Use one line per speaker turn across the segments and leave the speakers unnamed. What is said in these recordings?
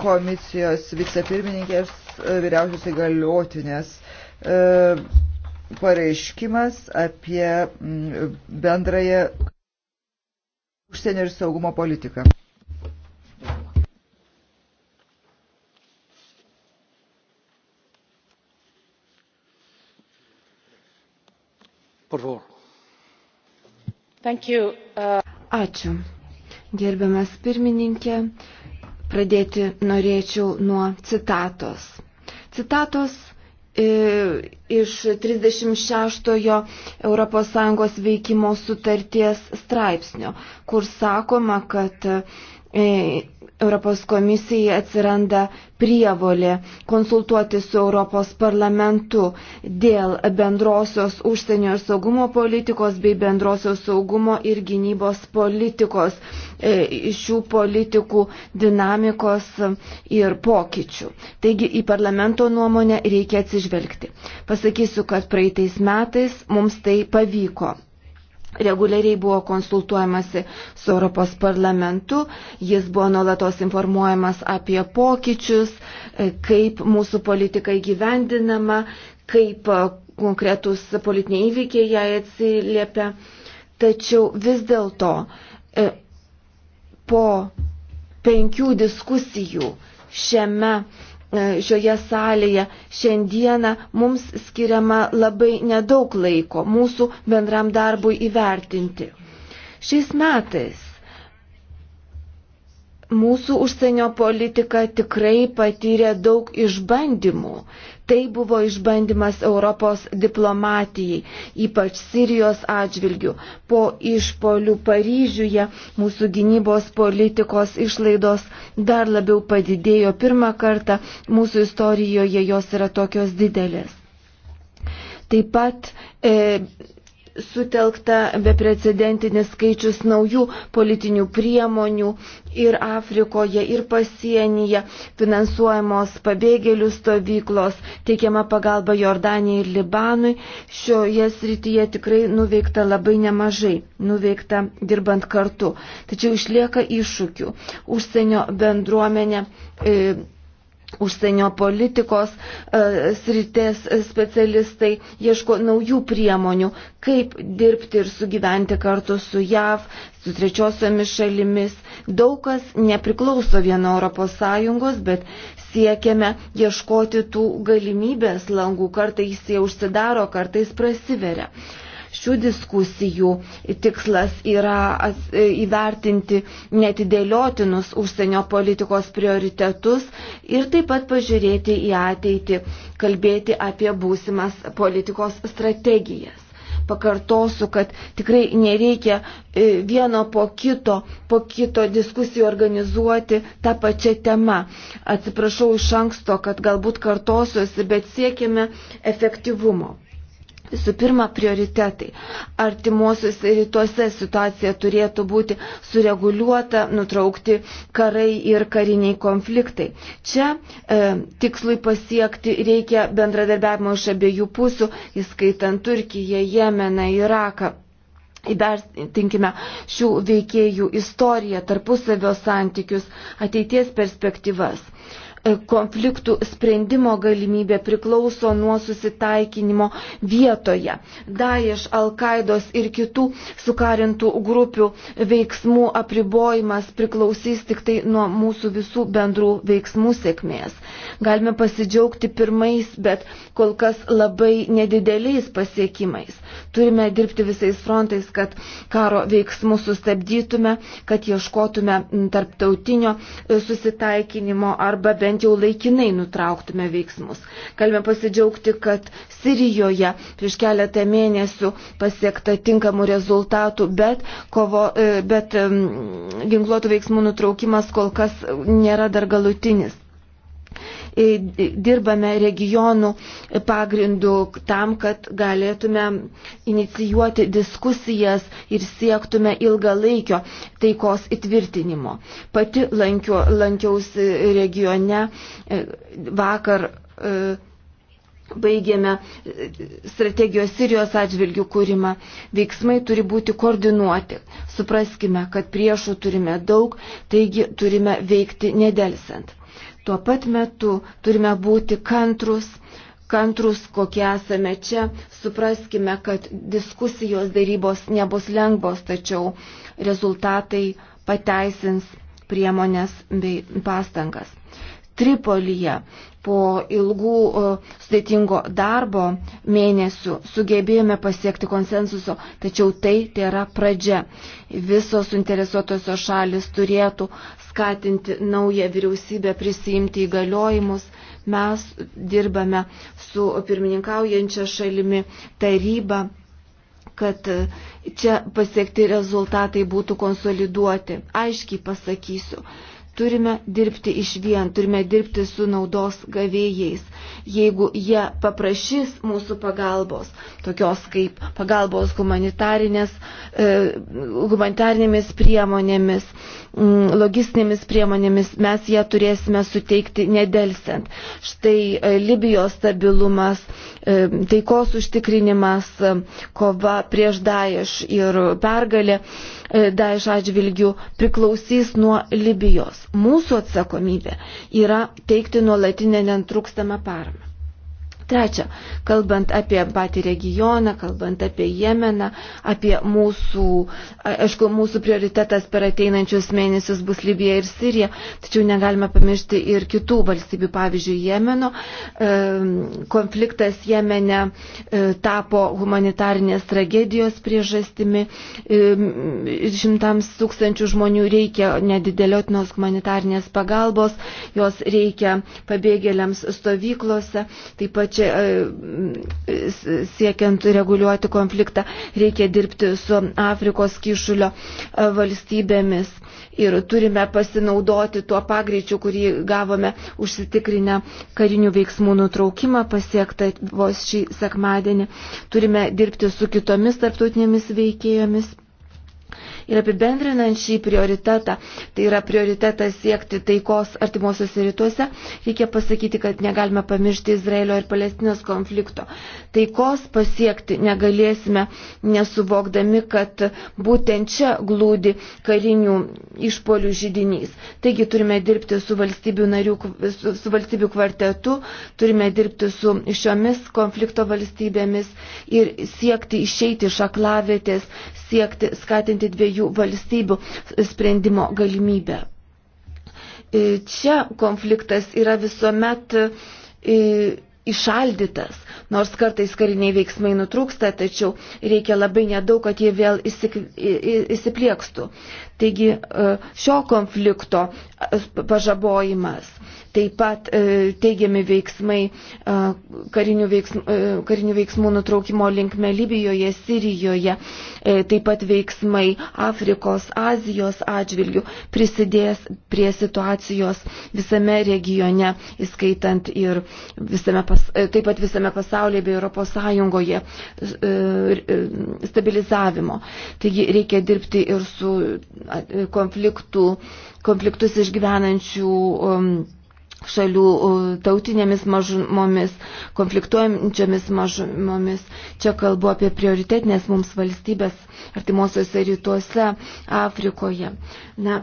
komisijos vicepirmininkės e, vyriausios įgaliotinės e, pareiškimas apie mm, bendrąją užsienio ir saugumo politiką.
Uh,
Ačiū. Gerbiamas pirmininkė, Pradėti norėčiau nuo citatos. Citatos e, iš 36 ES veikimo sutarties straipsnio, kur sakoma, kad E, Europos komisijai atsiranda prievolė konsultuoti su Europos parlamentu dėl bendrosios užsienio ir saugumo politikos bei bendrosios saugumo ir gynybos politikos, e, šių politikų dinamikos ir pokyčių. Taigi į parlamento nuomonę reikia atsižvelgti. Pasakysiu, kad praeitais metais mums tai pavyko. Reguliariai buvo konsultuojamasi su Europos parlamentu, jis buvo nuolatos informuojamas apie pokyčius, e, kaip mūsų politika įgyvendinama, kaip e, konkretus politiniai įvykiai jai atsiliepia. Tačiau vis dėlto e, po penkių diskusijų šiame E, šioje salėje šiandieną mums skiriama labai nedaug laiko mūsų bendram darbui įvertinti. Šiais metais mūsų užsienio politika tikrai patyrė daug išbandymų. Tai buvo išbandymas Europos diplomatijai, ypač Sirijos atžvilgių. Po išpolių Paryžiuje mūsų gynybos politikos išlaidos dar labiau padidėjo pirmą kartą, mūsų istorijoje jos yra tokios didelės. Taip pat e, sutelkta beprecedentinis skaičius naujų politinių priemonių ir Afrikoje, ir pasienyje, finansuojamos pabėgėlių stovyklos, teikiama pagalba Jordanijai ir Libanui. Šioje srityje tikrai nuveikta labai nemažai, nuveikta dirbant kartu. Tačiau išlieka iššūkių. Užsienio bendruomenė. E, užsienio politikos e, sritės specialistai ieško naujų priemonių, kaip dirbti ir sugyventi kartu su JAV, su trečiosiomis šalimis. Daug kas nepriklauso vieno ES, bet siekiame ieškoti tų galimybės langų, kartais jie užsidaro, kartais prasiveria. Šių diskusijų tikslas yra e, įvertinti netidėliotinus užsienio politikos prioritetus ir taip pat pažiūrėti į ateitį, kalbėti apie būsimas politikos strategijas. Pakartosiu, kad tikrai nereikia e, vieno po kito, po kito diskusijų organizuoti tą pačią temą. Atsiprašau iš anksto, kad galbūt kartosiuosi, bet siekime efektyvumo. Visų pirma, prioritetai. Artimuosius rytuose situacija turėtų būti sureguliuota, nutraukti karai ir kariniai konfliktai. Čia e, tikslui pasiekti reikia bendradarbiavimo iš abiejų pusių, įskaitant Turkiją, Jemeną, Iraką. Įvertinkime šių veikėjų istoriją, tarpusavio santykius, ateities perspektyvas. E, konfliktų sprendimo galimybė priklauso nuo susitaikinimo vietoje. Daesh, Al-Qaidos ir kitų sukarintų grupių veiksmų apribojimas priklausys tik tai nuo mūsų visų bendrų veiksmų sėkmės. Galime pasidžiaugti pirmais, bet kol kas labai nedideliais pasiekimais. Turime dirbti visais frontais, kad karo veiksmus sustabdytume, kad ieškotume tarptautinio e, susitaikinimo arba bent jau laikinai nutrauktume veiksmus. Galime pasidžiaugti, kad Sirijoje prieš keletą mėnesių pasiekta tinkamų rezultatų, bet, kovo, e, bet ginkluotų veiksmų nutraukimas kol kas nėra dar galutinis dirbame regionų pagrindų tam, kad galėtume inicijuoti diskusijas ir siektume ilgalaikio taikos įtvirtinimo. Pati lankio, lankiausi regione e, vakar e, baigėme e, strategijos Sirijos atžvilgių kūrimą. Veiksmai turi būti koordinuoti. Supraskime, kad priešų turime daug, taigi turime veikti nedelsant. Tuo pat metu turime būti kantrus, kantrus, kokie esame čia. Supraskime, kad diskusijos darybos nebus lengvos, tačiau rezultatai pateisins priemonės bei pastangas. Tripolyje po ilgų sudėtingo darbo mėnesių sugebėjome pasiekti konsensuso, tačiau tai, tai yra pradžia. Visos suinteresuotosios šalis turėtų skatinti naują vyriausybę prisijimti įgaliojimus. Mes dirbame su pirmininkaujančia šalimi taryba, kad čia pasiekti rezultatai būtų konsoliduoti. Aiškiai pasakysiu, Turime dirbti iš vien, turime dirbti su naudos gavėjais. Jeigu jie paprašys mūsų pagalbos, tokios kaip pagalbos humanitarinės, e, humanitarinėmis priemonėmis, logistinėmis priemonėmis, mes ją turėsime suteikti nedelsiant. Štai e, Libijos stabilumas, e, taikos užtikrinimas, kova prieš Daješ ir pergalė E, Daesh atžvilgių priklausys nuo Libijos. Mūsų atsakomybė yra teikti nuolatinę netrūkstamą paramą. Trečia, kalbant apie patį regioną, kalbant apie Jemeną, apie mūsų, aišku, mūsų prioritetas per ateinančius mėnesius bus Libija ir Sirija, tačiau negalime pamiršti ir kitų valstybių, pavyzdžiui, Jemeno. Konfliktas Jemene e, tapo humanitarinės tragedijos priežastimi. Šimtams tūkstančių žmonių reikia nedideliotinos humanitarnės pagalbos, jos reikia pabėgėliams stovyklose, taip pat čia siekiant reguliuoti konfliktą reikia dirbti su Afrikos kišulio valstybėmis ir turime pasinaudoti tuo pagreičiu, kurį gavome užsitikrinę karinių veiksmų nutraukimą pasiektą vos šį sekmadienį. Turime dirbti su kitomis tarptautinėmis veikėjomis Ir apibendrinant šį prioritetą, tai yra prioritetas siekti taikos artimuosiuose rytuose, reikia pasakyti, kad negalime pamiršti Izraelio ir Palestinos konflikto. Taikos pasiekti negalėsime, nesuvokdami, kad būtent čia glūdi karinių išpolių žydinys. Taigi turime dirbti su valstybių, narių, su, su valstybių kvartetu, turime dirbti su šiomis konflikto valstybėmis ir siekti išeiti iš aklavėtės, siekti skatinti dviejų jų valstybių sprendimo galimybę. E, čia konfliktas yra visuomet išaldytas, e, nors kartais kariniai veiksmai nutrūksta, tačiau reikia labai nedaug, kad jie vėl įsipliekstų. Taigi e, šio konflikto pažabojimas Taip pat e, teigiami veiksmai e, karinių veiksmų, e, karinių veiksmų nutraukimo linkme Libijoje, Sirijoje, taip pat veiksmai Afrikos, Azijos atžvilgių prisidės prie situacijos visame regione, įskaitant ir visame, pas, taip pat visame pasaulyje bei Europos Sąjungoje stabilizavimo. Taigi reikia dirbti ir su konfliktų, konfliktus išgyvenančių um, šalių tautinėmis mažumomis, konfliktuojančiomis mažumomis. Čia kalbu apie prioritetinės mums valstybės artimuosiuose rytuose Afrikoje. Na.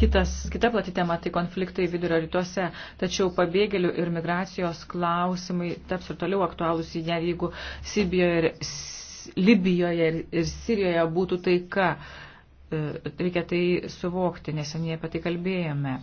Kitas, kita plati tema tai konfliktai vidurio rytuose, tačiau pabėgėlių ir migracijos klausimai taps ir toliau aktualūs, jeigu Sibijoje ir, Libijoje ir, ir Sirijoje būtų taika. E, reikia tai suvokti, neseniai apie tai kalbėjome.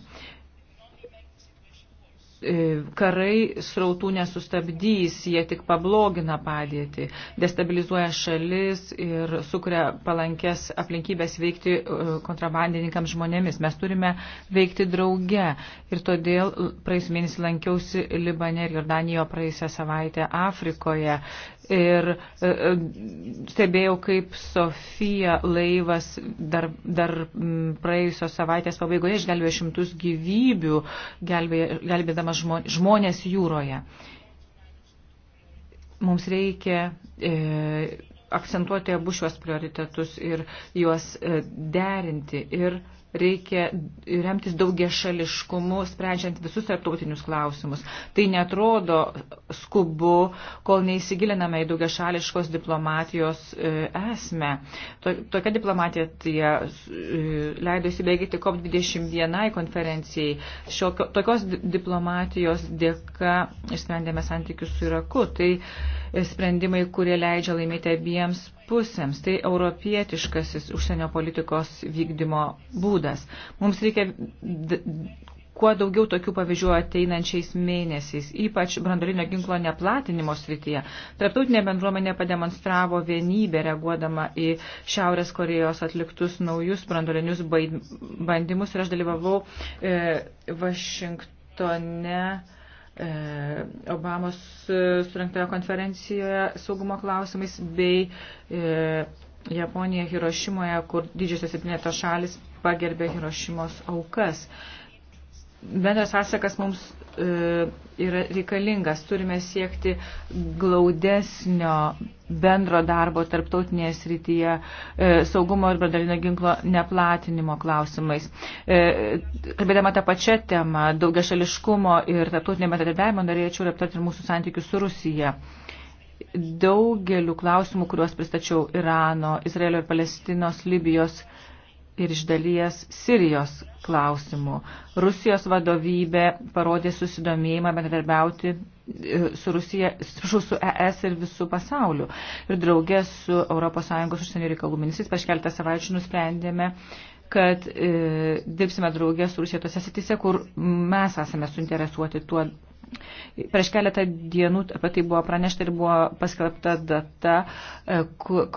E, karai srautų nesustabdys, jie tik pablogina padėtį, destabilizuoja šalis ir sukuria palankės aplinkybės veikti e, kontrabandininkams žmonėmis. Mes turime veikti drauge ir todėl praeis mėnesį lankiausi Libane ir Jordanijoje praeisę savaitę Afrikoje ir e, e, stebėjau, kaip Sofija laivas dar, dar praėjusios savaitės pabaigoje išgelbėjo šimtus gyvybių, gelbėdamas žmonės jūroje. Mums reikia e, akcentuoti abu šiuos prioritetus ir juos e, derinti. Ir e, reikia remtis daugia šališkumu, sprendžiant visus tarptautinius klausimus. Tai netrodo skubu, kol neįsigiliname į daugia šališkos diplomatijos e, esmę. Tokia diplomatija tai leido įsibėgyti COP21 konferencijai. Šio, tokios diplomatijos dėka išsprendėme santykius su Iraku. Tai e, sprendimai, kurie leidžia laimėti abiems pusėms. Tai europietiškasis užsienio politikos vykdymo būdas. Mums reikia kuo daugiau tokių pavyzdžių ateinančiais mėnesiais, ypač brandolinio ginklo neplatinimo srityje. Tarptautinė bendruomenė pademonstravo vienybę reaguodama į Šiaurės Korejos atliktus naujus brandolinius bandymus ir aš dalyvavau e, Vašingtone E, Obamos e, surinktoje konferencijoje saugumo klausimais bei e, Japonija Hirošimoje, kur didžiosios septynėto šalis pagerbė Hirošimos aukas bendras atsakas mums e, yra reikalingas. Turime siekti glaudesnio bendro darbo tarptautinėje srityje e, saugumo ir brandalinio ginklo neplatinimo klausimais. E, kalbėdama tą pačią temą, daugia šališkumo ir tarptautinio bendradarbiavimo, norėčiau ir aptarti ir mūsų santykius su Rusija. Daugeliu klausimų, kuriuos pristačiau Irano, Izraelio ir Palestinos, Libijos, ir iš dalies Sirijos klausimų. Rusijos vadovybė parodė susidomėjimą bendradarbiauti e, su, Rusija, su ES ir visų pasauliu. Ir draugė su ES užsienio reikalų ministrais prieš keletą savaičių nusprendėme, kad e, dirbsime draugė su Rusija tose sitise, kur mes esame suinteresuoti tuo Prieš keletą dienų apie tai buvo pranešta ir buvo paskelbta data, e,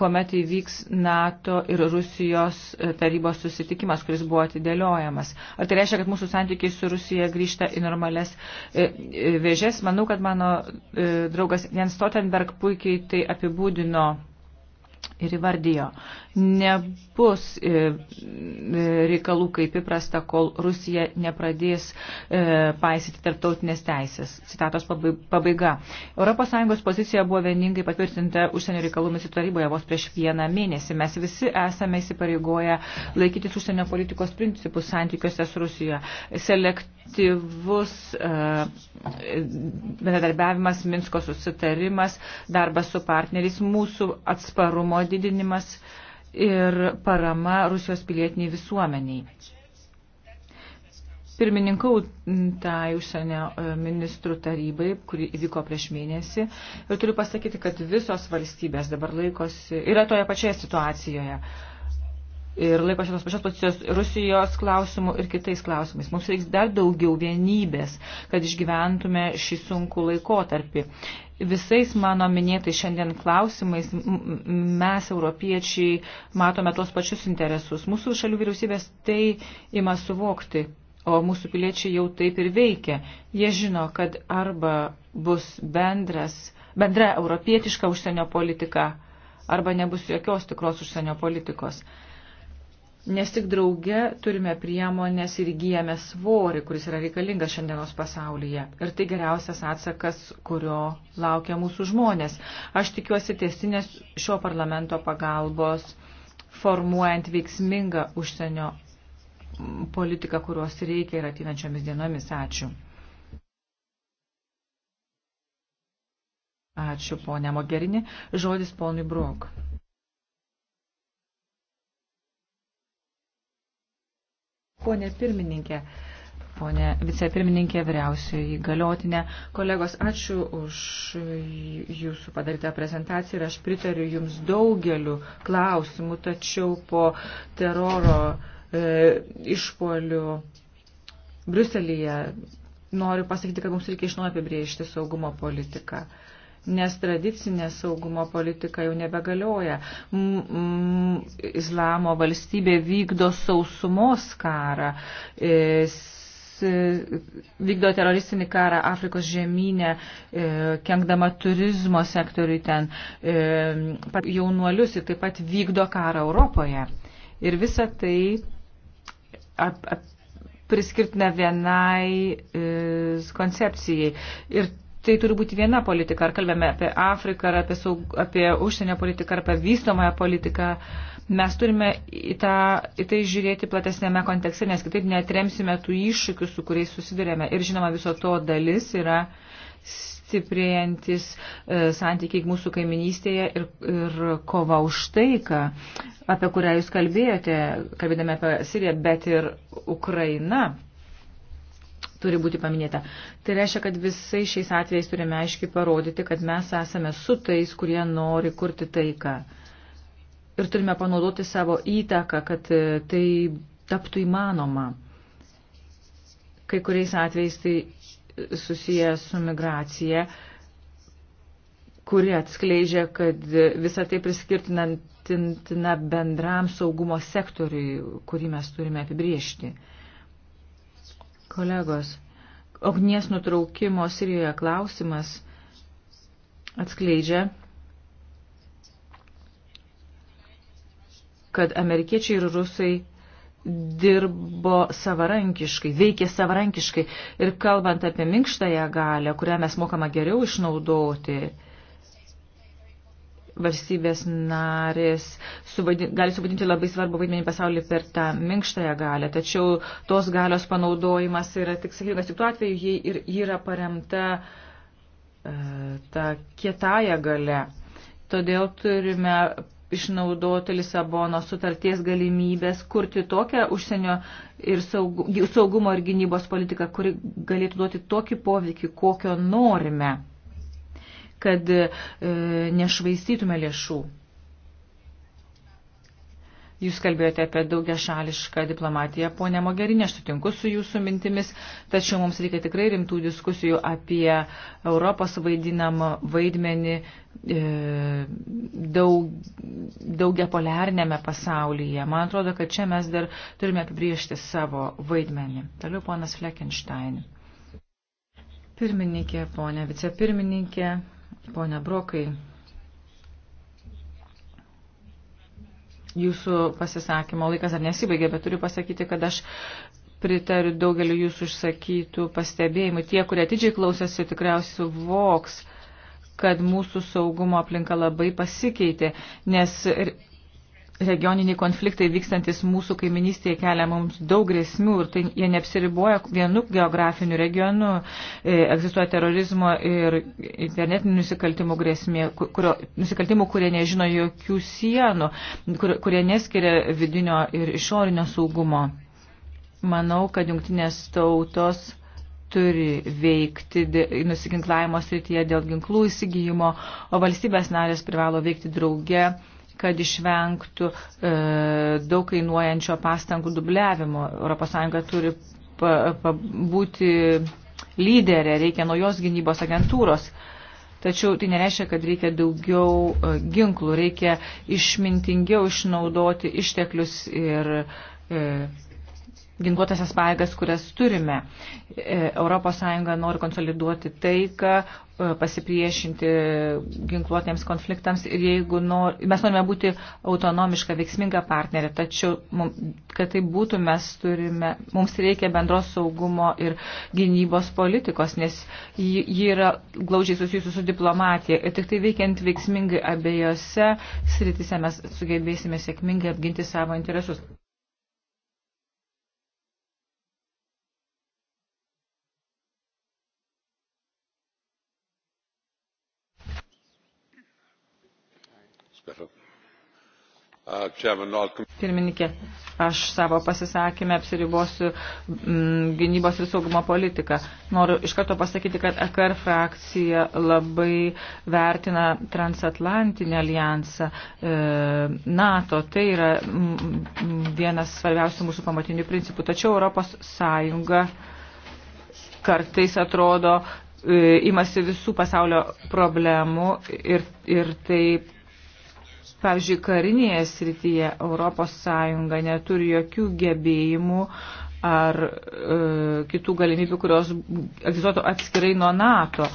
kuomet įvyks NATO ir Rusijos e, tarybos susitikimas, kuris buvo atidėliojamas. Ar tai reiškia, kad mūsų santykiai su Rusija grįžta į normales e, vėžės? Manau, kad mano draugas Jens Stoltenberg puikiai tai apibūdino ir įvardijo nebus e, e, reikalų kaip įprasta, kol Rusija nepradės e, paisyti tarptautinės teisės. Citatos pabaiga. ES pozicija buvo vieningai patvirtinta užsienio reikalų misijų taryboje vos prieš vieną mėnesį. Mes visi esame įsipareigoję laikytis užsienio politikos principų santykiuose su Rusija. Selektyvus bendradarbiavimas, Minsko susitarimas, darbas su partneriais, mūsų atsparumo didinimas. Uh, ir parama Rusijos pilietiniai visuomeniai. Pirmininkau tai užsienio e, ministrų tarybai, kuri įvyko prieš mėnesį. Ir turiu pasakyti, kad visos valstybės dabar laikosi, yra toje pačioje situacijoje. Uh, ir laiko šios pačios pozicijos Rusijos klausimų ir kitais klausimais. Mums reiks dar daugiau vienybės, kad išgyventume šį sunkų laikotarpį. Visais mano minėtais šiandien klausimais mes, europiečiai, matome tuos pačius interesus. Mūsų šalių vyriausybės tai ima suvokti, o mūsų piliečiai jau taip ir veikia. Jie žino, kad arba bus bendras, bendra europietiška užsienio politika, arba nebus jokios tikros užsienio politikos nes tik drauge turime priemonės ir įgyjame svorį, kuris yra reikalingas šiandienos pasaulyje. Ir tai geriausias atsakas, kurio laukia mūsų žmonės. Aš tikiuosi tiesinės šio parlamento pagalbos formuojant veiksmingą užsienio politiką, kurios reikia ir ateinančiomis dienomis. Ačiū. Ačiū, ponė Mogerini. Žodis ponui Brok. Pone pirmininkė, ponė vicepirmininkė, vyriausioji galiotinė. Kolegos, ačiū už jūsų padarytą prezentaciją ir aš pritariu jums daugeliu klausimų, tačiau po teroro e, išpolių Briuselyje noriu pasakyti, kad mums reikia iš naujo apibriežti saugumo politiką. E, nes tradicinė saugumo politika jau nebegalioja. Islamo valstybė vykdo sausumos karą, e, vykdo teroristinį karą Afrikos žemynę, e, kenkdama turizmo sektoriui ten, e, jaunuolius ir taip pat vykdo karą Europoje. Ir visa tai ap, ap, priskirtina vienai e, koncepcijai. Ir tai turi būti viena politika. Ar kalbame apie Afriką, ar apie, saug, apie užsienio politiką, ar apie vystomąją politiką. Mes turime į, tą, į tai žiūrėti platesnėme kontekste, nes kitaip netremsime tų iššūkių, su kuriais susidurėme. Ir žinoma, viso to dalis yra stiprėjantis e, santykiai mūsų kaiminystėje ir, ir kova už taiką, apie kurią jūs kalbėjote, kalbėdami apie Siriją, bet ir Ukrainą turi būti paminėta. Tai reiškia, kad visai šiais atvejais turime aiškiai parodyti, kad mes esame su tais, kurie nori kurti taiką. Ir turime panaudoti savo įtaką, kad e, tai taptų įmanoma. Kai kuriais atvejais tai e, susiję su migracija, kuri atskleidžia, kad e, visą tai priskirtinant tintina bendram saugumo sektoriui, kurį mes turime apibriežti. Kolegos, ognies nutraukimo Sirijoje klausimas atskleidžia, kad amerikiečiai ir rusai dirbo savarankiškai, veikė savarankiškai. Ir kalbant apie minkštąją galę, kurią mes mokama geriau išnaudoti, valstybės narės subadin, gali subadinti labai svarbu vaidmenį pasaulį per tą minkštąją galę, tačiau tos galios panaudojimas yra tik sėkmingas tik tuo atveju, jei ir yra paremta e, ta kietąją galę. Todėl turime išnaudoti Lisabono sutarties galimybės kurti tokią užsienio ir saugumo ir gynybos politiką, kuri galėtų duoti tokį poveikį, kokio norime kad e, nešvaistytume lėšų. Jūs kalbėjote apie daugia šališką diplomatiją, ponė Mogerinė, aš sutinku su jūsų mintimis, tačiau mums reikia tikrai rimtų diskusijų apie Europos vaidinamą vaidmenį e, daug, daugia poliarnėme pasaulyje. Man atrodo, kad čia mes dar turime apibriežti savo vaidmenį. Toliau ponas Fleckenstein. Pirmininkė, ponė vicepirmininkė. Pone Brokai, jūsų pasisakymo laikas ar nesibaigė, bet turiu pasakyti, kad aš pritariu daugeliu jūsų išsakytų pastebėjimų. Tie, kurie atidžiai klausėsi, tikriausiai suvoks, kad mūsų saugumo aplinka labai pasikeitė, nes regioniniai konfliktai vykstantis mūsų kaiminystėje kelia mums daug grėsmių ir tai jie neapsiriboja vienu geografiniu regionu, e, egzistuoja terorizmo ir internetinių nusikaltimų grėsmė, kurio, nusikaltimų, kurie nežino jokių sienų, kur, kurie neskiria vidinio ir išorinio saugumo. Manau, kad jungtinės tautos turi veikti nusiginklavimo srityje dėl ginklų įsigijimo, o valstybės narės privalo veikti drauge kad išvengtų e, daug kainuojančio pastangų dubliavimo. ES turi pa, pa, būti lyderė, reikia naujos gynybos agentūros. Tačiau tai nereiškia, kad reikia daugiau e, ginklų, reikia išmintingiau išnaudoti išteklius ir e, ginkluotasias paėgas, kurias turime. ES nori konsoliduoti taiką, e, pasipriešinti ginkluotėms konfliktams ir jeigu nor, mes norime būti autonomiška, veiksminga partnerė, tačiau, kad tai būtų, mes turime, mums reikia bendros saugumo ir gynybos politikos, nes ji, ji yra glaudžiai susijusi su diplomatija ir tik tai veikiant veiksmingai abiejose sritise mes sugebėsime sėkmingai apginti savo interesus.
Uh,
Pirmininkė, aš savo pasisakymę apsiribosiu m, mm, gynybos ir saugumo politiką. Noriu iš karto pasakyti, kad AKR e frakcija labai vertina transatlantinį alijansą e, NATO. Tai yra m, mm, vienas svarbiausių mūsų pamatinių principų. Tačiau Europos Sąjunga kartais atrodo e, imasi visų pasaulio problemų ir, ir taip Pavyzdžiui, karinėje srityje ES neturi jokių gebėjimų ar e, kitų galimybių, kurios egzistuotų atskirai nuo NATO.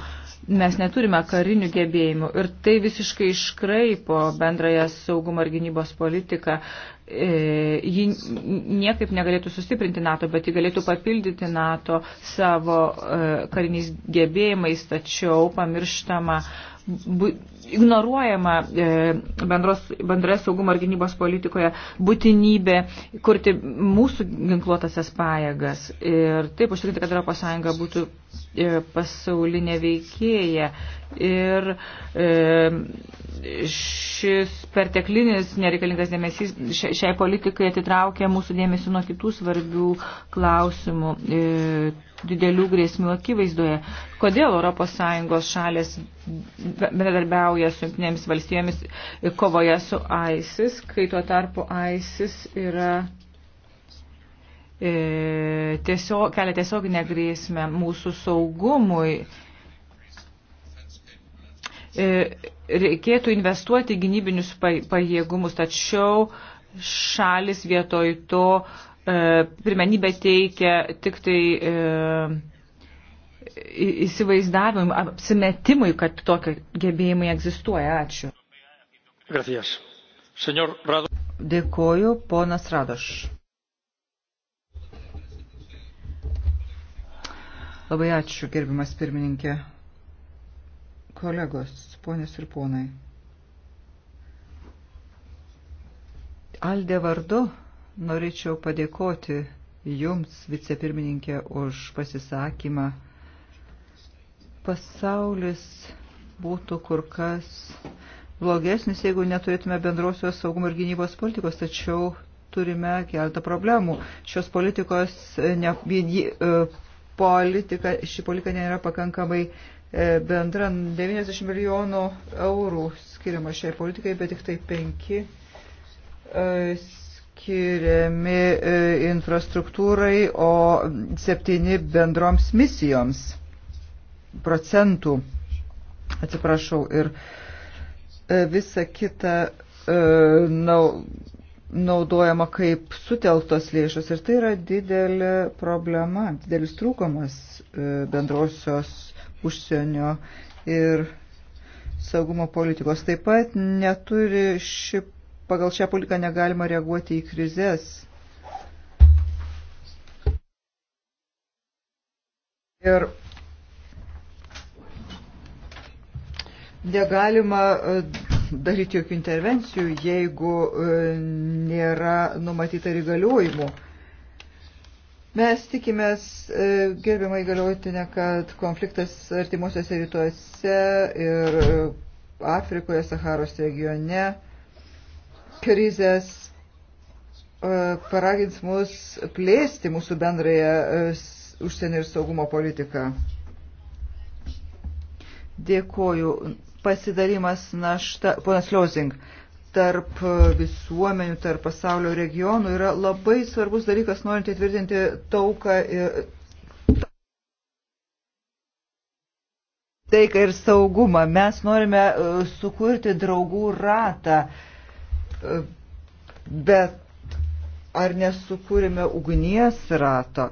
Mes neturime karinių gebėjimų ir tai visiškai iškraipo bendrąją saugumo ir gynybos politiką. E, ji niekaip negalėtų sustiprinti NATO, bet ji galėtų papildyti NATO savo e, kariniais gebėjimais, tačiau pamirštama bu, ignoruojama e, bendros, bendroje saugumo ir gynybos politikoje būtinybė kurti mūsų ginkluotasias pajėgas ir taip užtikrinti, kad Europos Sąjunga būtų e, pasaulinė veikėja. Ir e, šis perteklinis nereikalingas dėmesys šiai politikai atitraukia mūsų dėmesį nuo kitų svarbių klausimų didelių grėsmių akivaizdoje. Kodėl ES šalės bendradarbiauja bendradarbiauja su jungtinėmis valstybėmis kovoje su ISIS, kai tuo tarpu ISIS yra e, tiesiog, kelia tiesioginę grėsmę mūsų saugumui. E, reikėtų investuoti gynybinius pajėgumus, tačiau šalis vietoj to e, pirmenybę teikia tik tai e, įsivaizdavimui, apsimetimui, kad tokie gebėjimai egzistuoja. Ačiū.
Gracias. Senor Rado.
Dėkoju,
ponas Radoš. Labai ačiū, gerbimas pirmininkė. Kolegos, ponės ir ponai. Aldė vardu norėčiau padėkoti Jums, vicepirmininkė, už pasisakymą pasaulis būtų kur kas blogesnis, jeigu neturėtume bendrosios saugumo ir gynybos politikos, tačiau turime keltą problemų. Šios politikos, e, ne, ji, e, politika, ši politika nėra pakankamai e, bendra. 90 milijonų eurų skiriama šiai politikai, bet tik tai 5 skiriami infrastruktūrai, o 7 bendroms misijoms procentų, atsiprašau, ir e, visa kita e, naudojama kaip sutelktos lėšos ir tai yra didelė problema, didelis trūkumas e, bendrosios užsienio ir saugumo politikos. Taip pat neturi ši, pagal šią politiką negalima reaguoti į krizės. Ir Negalima e, daryti jokių intervencijų, jeigu e, nėra numatyta ir įgaliojimų. Mes tikimės, e, gerbiamai galiotinė, kad konfliktas artimuosiuose rytuose ir Afrikoje, Saharos regione, krizės paragins mus plėsti mūsų bendrąją užsienio ir saugumo politiką. Dėkoju pasidarimas našta, ponas Liozing, tarp visuomenių, tarp pasaulio regionų yra labai svarbus dalykas, norint įtvirtinti tauką ir, taiką ir saugumą. Mes norime uh, sukurti draugų ratą, uh, bet ar nesukūrime ugnies rato?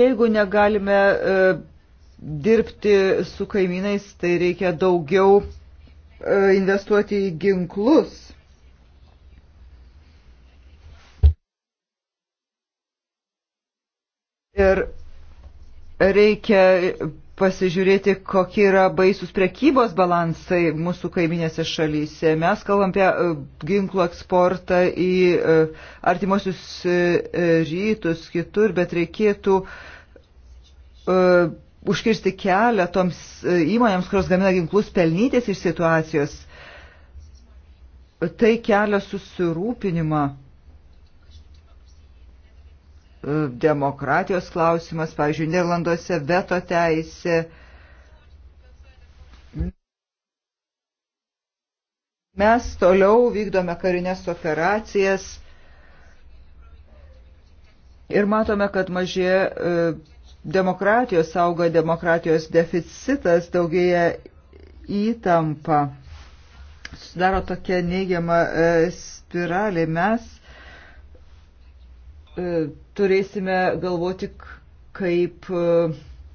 Jeigu negalime uh, dirbti su kaimynais, tai reikia daugiau e, investuoti į ginklus. Ir reikia pasižiūrėti, kokie yra baisus prekybos balansai mūsų kaiminėse šalyse. Mes kalbam apie e, ginklų eksportą į e, artimuosius rytus, kitur, bet reikėtų užkirsti kelią toms e, įmonėms, kurios gamina ginklus pelnytis iš situacijos, tai kelia susirūpinimą. E, demokratijos klausimas, pavyzdžiui, Nederlanduose veto teisė. Mes toliau vykdome karinės operacijas ir matome, kad mažėja e, demokratijos auga demokratijos deficitas, daugėja įtampa. Sudaro tokia neigiama e, spiralė. Mes e, turėsime galvoti, kaip e,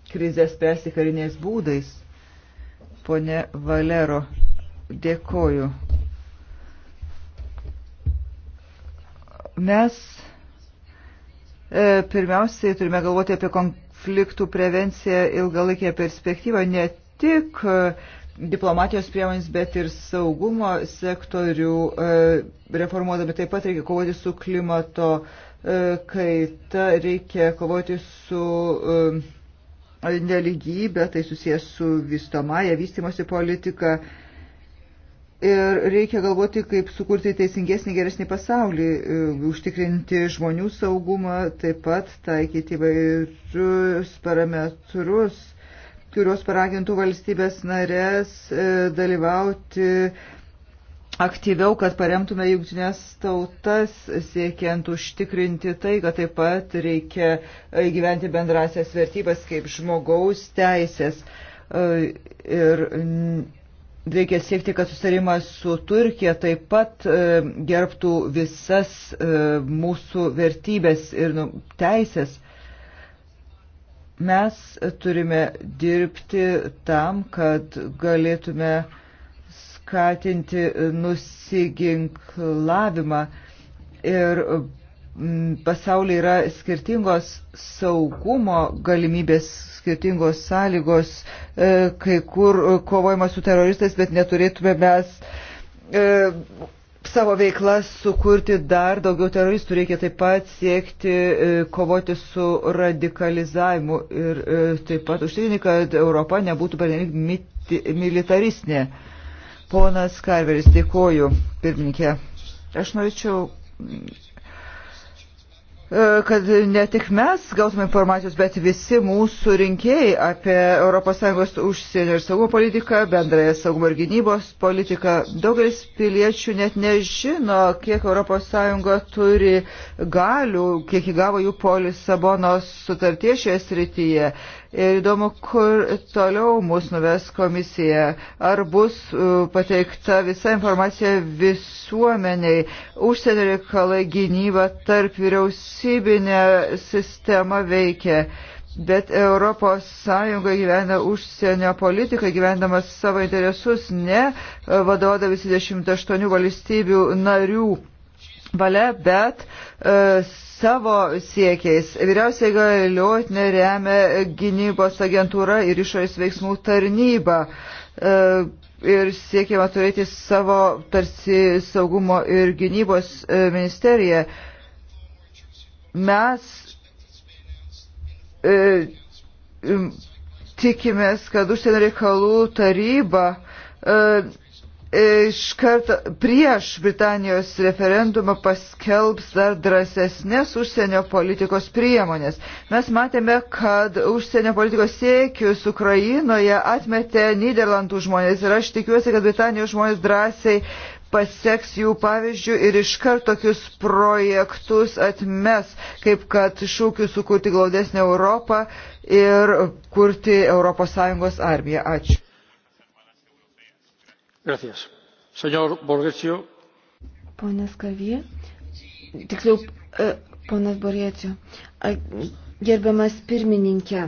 krizę spręsti kariniais būdais. Pone Valero, dėkoju. Mes pirmiausiai turime galvoti apie konkrečią konfliktų prevencija ilgalaikėje perspektyvoje ne tik e, diplomatijos priemonės, bet ir saugumo sektorių e, reformuodami. Taip pat reikia kovoti su klimato e, kaita, reikia kovoti su neligybė, tai susijęs su vystomąją vystimosi politiką Ir reikia galvoti, kaip sukurti teisingesnį, geresnį pasaulį, e, užtikrinti žmonių saugumą, taip pat taikyti vairius parametrus, kurios paragintų valstybės narės e, dalyvauti aktyviau, kad paremtume jungtinės tautas siekiant užtikrinti tai, kad taip pat reikia gyventi bendrasias vertybės kaip žmogaus teisės. E, ir reikia siekti, kad susitarimas su Turkija taip pat e, gerbtų visas e, mūsų vertybės ir nu, teisės. Mes turime dirbti tam, kad galėtume skatinti nusiginklavimą ir Mm, pasaulyje yra skirtingos saugumo galimybės, skirtingos sąlygos, e, kai kur e, kovojama su teroristais, bet neturėtume mes e, savo veiklas sukurti dar daugiau teroristų. Reikia taip pat siekti kovoti su radikalizavimu ir taip pat užtikrinti, kad Europa nebūtų pernelyg militaristinė. Ponas Karveris, dėkoju, pirmininkė. Aš norėčiau E, kad ne tik mes gautume informacijos, bet visi mūsų rinkėjai apie ES užsienio ir saugumo politiką, bendrąją saugumo ir gynybos politiką. Daugelis piliečių net nežino, kiek ES turi galių, kiek įgavo jų po Lisabonos sutarties šioje srityje. Ir įdomu, kur toliau mus nuves komisija. Ar bus e, pateikta visa informacija visuomeniai, užsienio reikalai, gynyba, tarp vyriausybinė sistema veikia. Bet ES gyvena užsienio politiką, gyvendamas savo interesus, ne e, vadovada 28 valstybių narių valia, bet e, savo siekiais. Vyriausiai galiotinė remia gynybos agentūra ir išorės veiksmų tarnyba. E, ir siekiama turėti savo tarsi saugumo ir gynybos e, ministeriją. Mes e, tikimės, kad užsienio reikalų taryba e, iš karto prieš Britanijos referendumą paskelbs dar drąsesnės užsienio politikos priemonės. Mes matėme, kad užsienio politikos siekius Ukrainoje atmetė Niderlandų žmonės ir aš tikiuosi, kad Britanijos žmonės drąsiai paseks jų pavyzdžių ir iškart tokius projektus atmes, kaip kad šūkių sukurti glaudesnę Europą ir kurti ES armiją. Ačiū.
Ponas Kavie, tiksliau, e, ponas Borėčių, gerbiamas pirmininkė,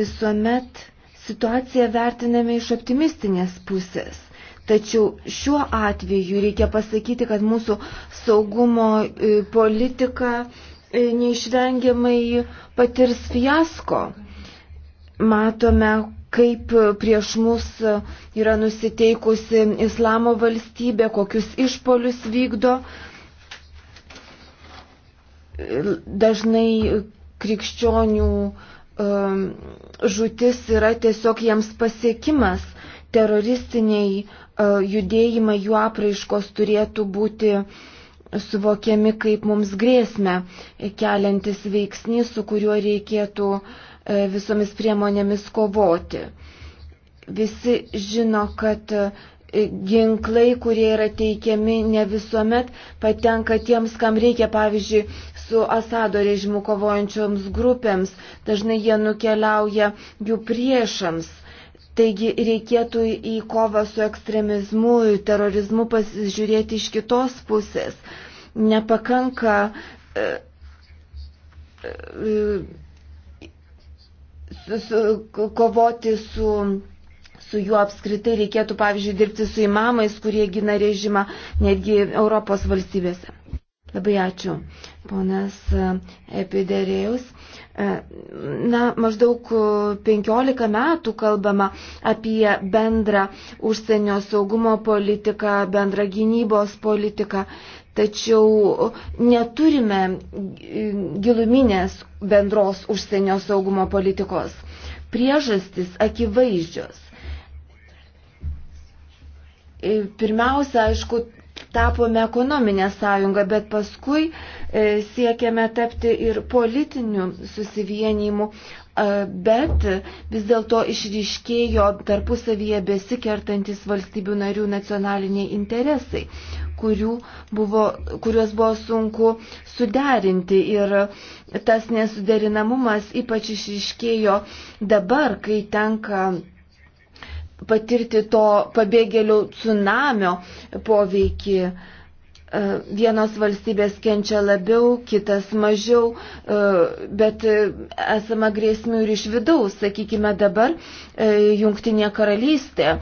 visuomet situaciją vertiname iš optimistinės pusės. Tačiau šiuo atveju reikia pasakyti, kad mūsų saugumo e, politika e, neišvengiamai patirs fiasko. Matome, kaip prieš mus yra nusiteikusi islamo valstybė, kokius išpolius vykdo. Dažnai krikščionių um, žutis yra tiesiog jiems pasiekimas. Teroristiniai uh, judėjimai, jų apraiškos turėtų būti suvokiami kaip mums grėsmę keliantis veiksnys, su kuriuo reikėtų uh, E, visomis priemonėmis kovoti. Visi žino, kad e, ginklai, kurie yra teikiami ne visuomet, patenka tiems, kam reikia, pavyzdžiui, su Asado režimu kovojančioms grupėms, dažnai jie nukeliauja jų priešams. Taigi reikėtų į kovą su ekstremizmu, terorizmu pasižiūrėti iš kitos pusės. Nepakanka. E, e, kovoti su su juo apskritai reikėtų, pavyzdžiui, dirbti su imamais, kurie gina režimą netgi Europos valstybėse. Labai ačiū, ponas e, Epiderėjus. E, na, maždaug 15 metų kalbama apie bendrą užsienio saugumo politiką, bendrą gynybos politiką tačiau neturime giluminės bendros užsienio saugumo politikos. Priežastis akivaizdžios. E, pirmiausia, aišku, tapome ekonominę sąjungą, bet paskui e, siekiame tapti ir politiniu susivienimu, e, bet vis dėlto išryškėjo tarpusavyje besikertantis valstybių narių nacionaliniai interesai, buvo, kuriuos buvo sunku suderinti. Ir tas nesuderinamumas ypač išiškėjo dabar, kai tenka patirti to pabėgėlių tsunamio poveikį. E, vienos valstybės kenčia labiau, kitas mažiau, e, bet esama grėsmių ir iš vidaus, sakykime dabar, e, jungtinė karalystė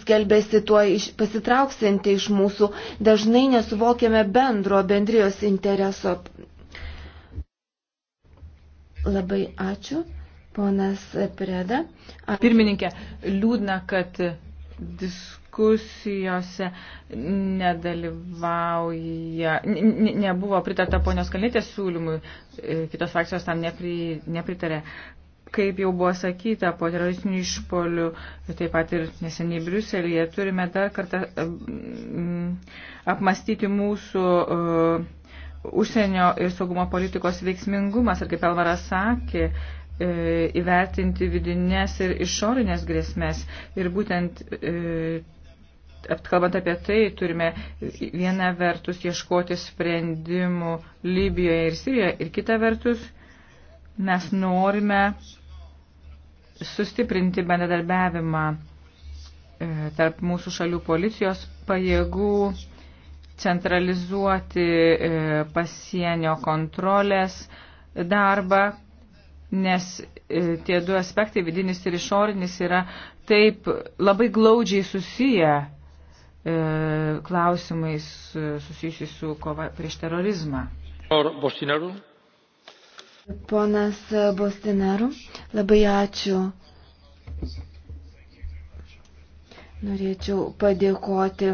skelbėsi tuo pasitrauksinti iš mūsų, dažnai nesuvokiame bendro bendrijos intereso. Labai ačiū, ponas Preda.
Pirmininkė, liūdna, kad diskusija diskusijose nedalyvauja, ne, nebuvo pritarta ponios Kalnytės siūlymui, e, kitos frakcijos tam nepri, nepritarė. Kaip jau buvo sakyta, po teroristinių išpolių, taip pat ir neseniai Briuselėje, turime dar kartą e, apmastyti mūsų uh, užsienio ir saugumo politikos veiksmingumas ir kaip Elvaras sakė, įvertinti vidinės ir išorinės grėsmės. Ir būtent kalbant apie tai, turime vieną vertus ieškoti sprendimų Libijoje ir Sirijoje ir kitą vertus mes norime sustiprinti bendradarbiavimą e, tarp mūsų šalių policijos pajėgų, centralizuoti e, pasienio kontrolės darbą, nes e, tie du aspektai, vidinis ir išorinis, yra taip labai glaudžiai susiję E, klausimais susijusiais
su kova prieš
terorizmą.
Ponas Bostinaru, labai ačiū. Norėčiau padėkoti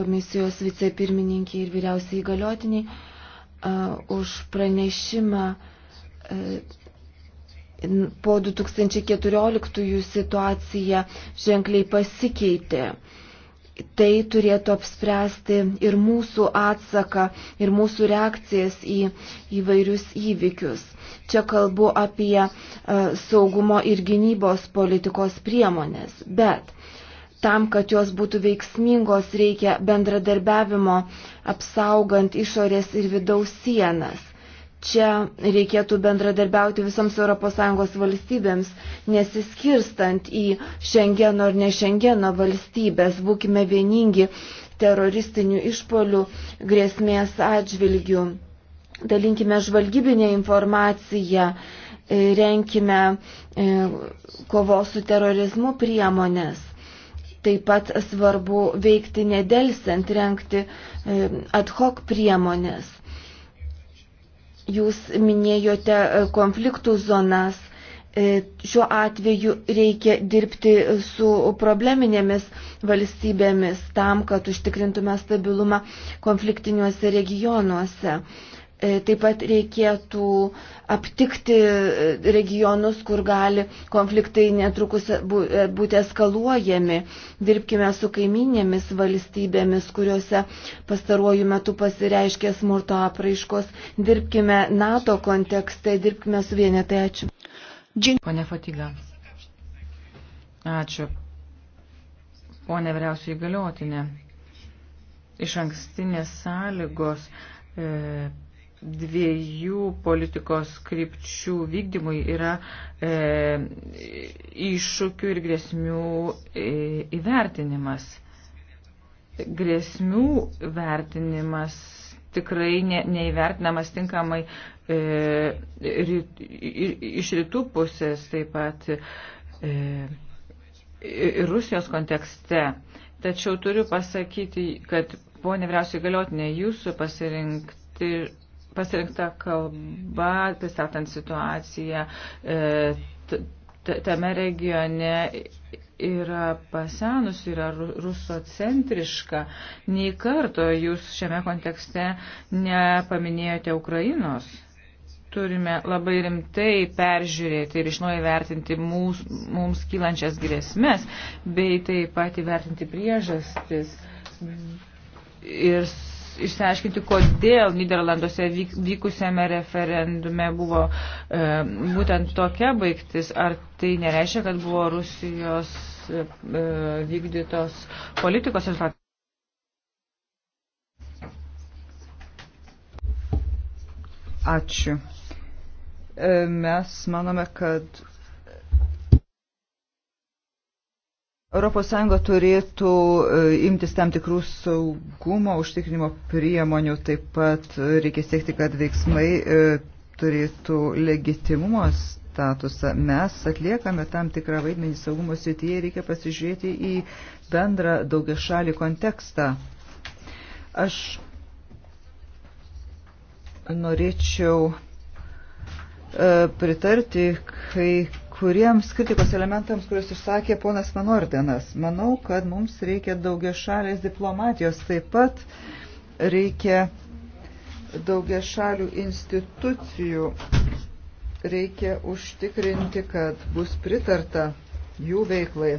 komisijos vicepirmininkiai ir vyriausiai įgaliotiniai uh, už pranešimą uh, po 2014 situacija ženkliai pasikeitė. Uh, Tai turėtų apspręsti ir mūsų atsaką, ir mūsų reakcijas į įvairius įvykius. Čia kalbu apie uh, saugumo ir gynybos politikos priemonės, bet tam, kad jos būtų veiksmingos, reikia bendradarbiavimo apsaugant išorės ir vidaus sienas. Čia reikėtų bendradarbiauti visams ES valstybėms, nesiskirstant į Šengeno ar ne Šengeno valstybės. Būkime vieningi teroristinių išpolių grėsmės atžvilgių. Dalinkime žvalgybinę informaciją, e, renkime e, kovos su terorizmu priemonės. Taip pat svarbu veikti nedelsiant, renkti e, ad hoc priemonės Jūs minėjote e, konfliktų zonas. E, šiuo atveju reikia dirbti su probleminėmis valstybėmis tam, kad užtikrintume stabilumą konfliktiniuose regionuose. E, taip pat reikėtų aptikti e, regionus, kur gali konfliktai netrukus e, būti eskaluojami. Dirbkime su kaiminėmis valstybėmis, kuriuose pastaruoju metu pasireiškia smurto apraiškos. Dirbkime NATO kontekste, dirbkime su vienetai. Ačiū. Pone Fatiga.
Ačiū. Pone vyriausiai galiotinė. Iš ankstinės sąlygos. E, dviejų politikos krypčių vykdymui yra e, iššūkių ir grėsmių e, įvertinimas. Grėsmių vertinimas tikrai ne, neįvertinamas tinkamai e, ryt, iš rytų pusės, taip pat e, ir Rusijos kontekste. Tačiau turiu pasakyti, kad ponė vyriausiai galiotinė jūsų pasirinkti pasirinkta kalba, pristatant situaciją e, tame regione yra pasenusi, yra rusocentriška. Nei karto jūs šiame kontekste nepaminėjote Ukrainos. Turime labai rimtai peržiūrėti ir iš naujo vertinti mūs, mums kylančias grėsmės, bei taip pat įvertinti priežastis ir išsiaiškinti, kodėl Niderlanduose vykusiame referendume buvo e, būtent tokia baigtis. Ar tai nereiškia, kad buvo Rusijos e, e vykdytos politikos rezultatas? Ačiū. E,
mes manome, kad ES turėtų e, imtis tam tikrų saugumo užtikrinimo priemonių, taip pat reikia siekti, kad veiksmai e, turėtų legitimumo statusą. Mes atliekame tam tikrą vaidmenį saugumo srityje ir reikia pasižiūrėti į bendrą daugia šalį kontekstą. Aš norėčiau e, pritarti, kai kuriems kritikos elementams, kuriuos išsakė ponas Manordenas. Manau, kad mums reikia daugia šalės diplomatijos, taip pat reikia daugia šalių institucijų, reikia užtikrinti, kad bus pritarta jų veiklai.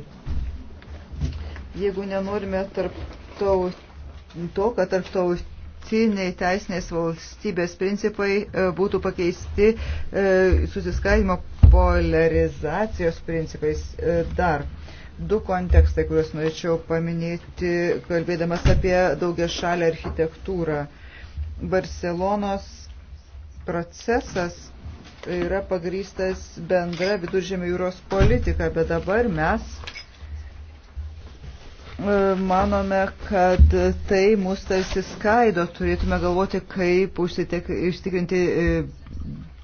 Jeigu nenorime tarp to, kad tarptautinė dabartiniai teisinės valstybės principai e, būtų pakeisti e, susiskaidimo polarizacijos principais e, dar. Du kontekstai, kuriuos norėčiau paminėti, kalbėdamas apie daugia šalę architektūrą. Barcelonos procesas yra pagrystas bendra viduržėmio jūros politika, bet dabar mes E, manome, kad tai mus tarsi skaido, turėtume galvoti, kaip užsitek, ištikrinti e,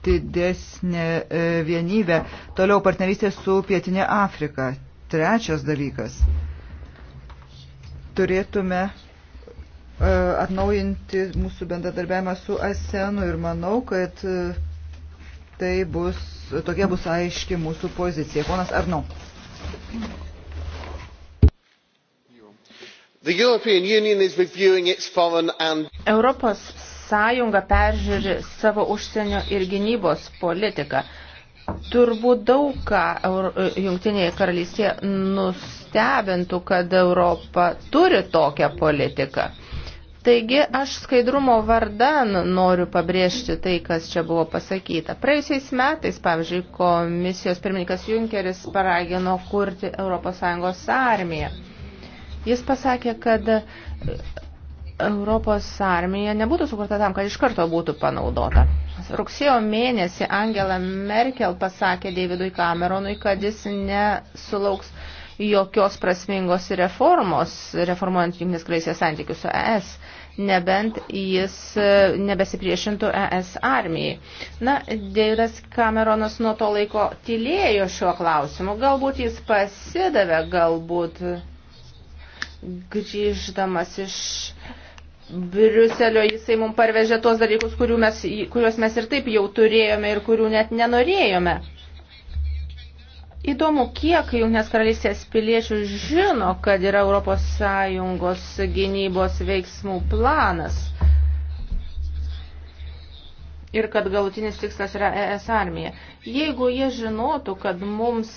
didesnę e, vienybę. Toliau partnerystė su Pietinė Afrika. Trečias dalykas. Turėtume atnaujinti mūsų bendradarbiavimą su ASEANu ir manau, kad tai bus, tokia bus aiški mūsų pozicija. Ponas Arnau.
Europos Sąjunga peržiūri savo užsienio ir gynybos politiką. Turbūt daug ką Jungtinėje karalystėje nustebintų, kad Europa turi tokią politiką. Taigi aš skaidrumo vardan noriu pabrėžti tai, kas čia buvo pasakyta. Praėjusiais metais, pavyzdžiui, komisijos pirmininkas Junkeris paragino kurti ES armiją. Jis pasakė, kad Europos armija nebūtų sukurta tam, kad iš karto būtų panaudota. Rugsėjo mėnesį Angela Merkel pasakė Davidui Cameronui, kad jis nesulauks jokios prasmingos reformos, reformuojant Junktinės karalystės santykius su ES, nebent jis e, nebesipriešintų ES armijai. Na, Deiras Cameronas nuo to laiko tylėjo šiuo klausimu. Galbūt jis pasidavė, galbūt grįždamas iš Briuselio jisai mums parvežė tuos dalykus, mes, kuriuos mes ir taip jau turėjome ir kurių net nenorėjome. Įdomu, kiek Jungtinės karalystės piliečių žino, kad yra Europos Sąjungos gynybos veiksmų planas ir kad galutinis tikslas yra ES armija. Jeigu jie žinotų, kad mums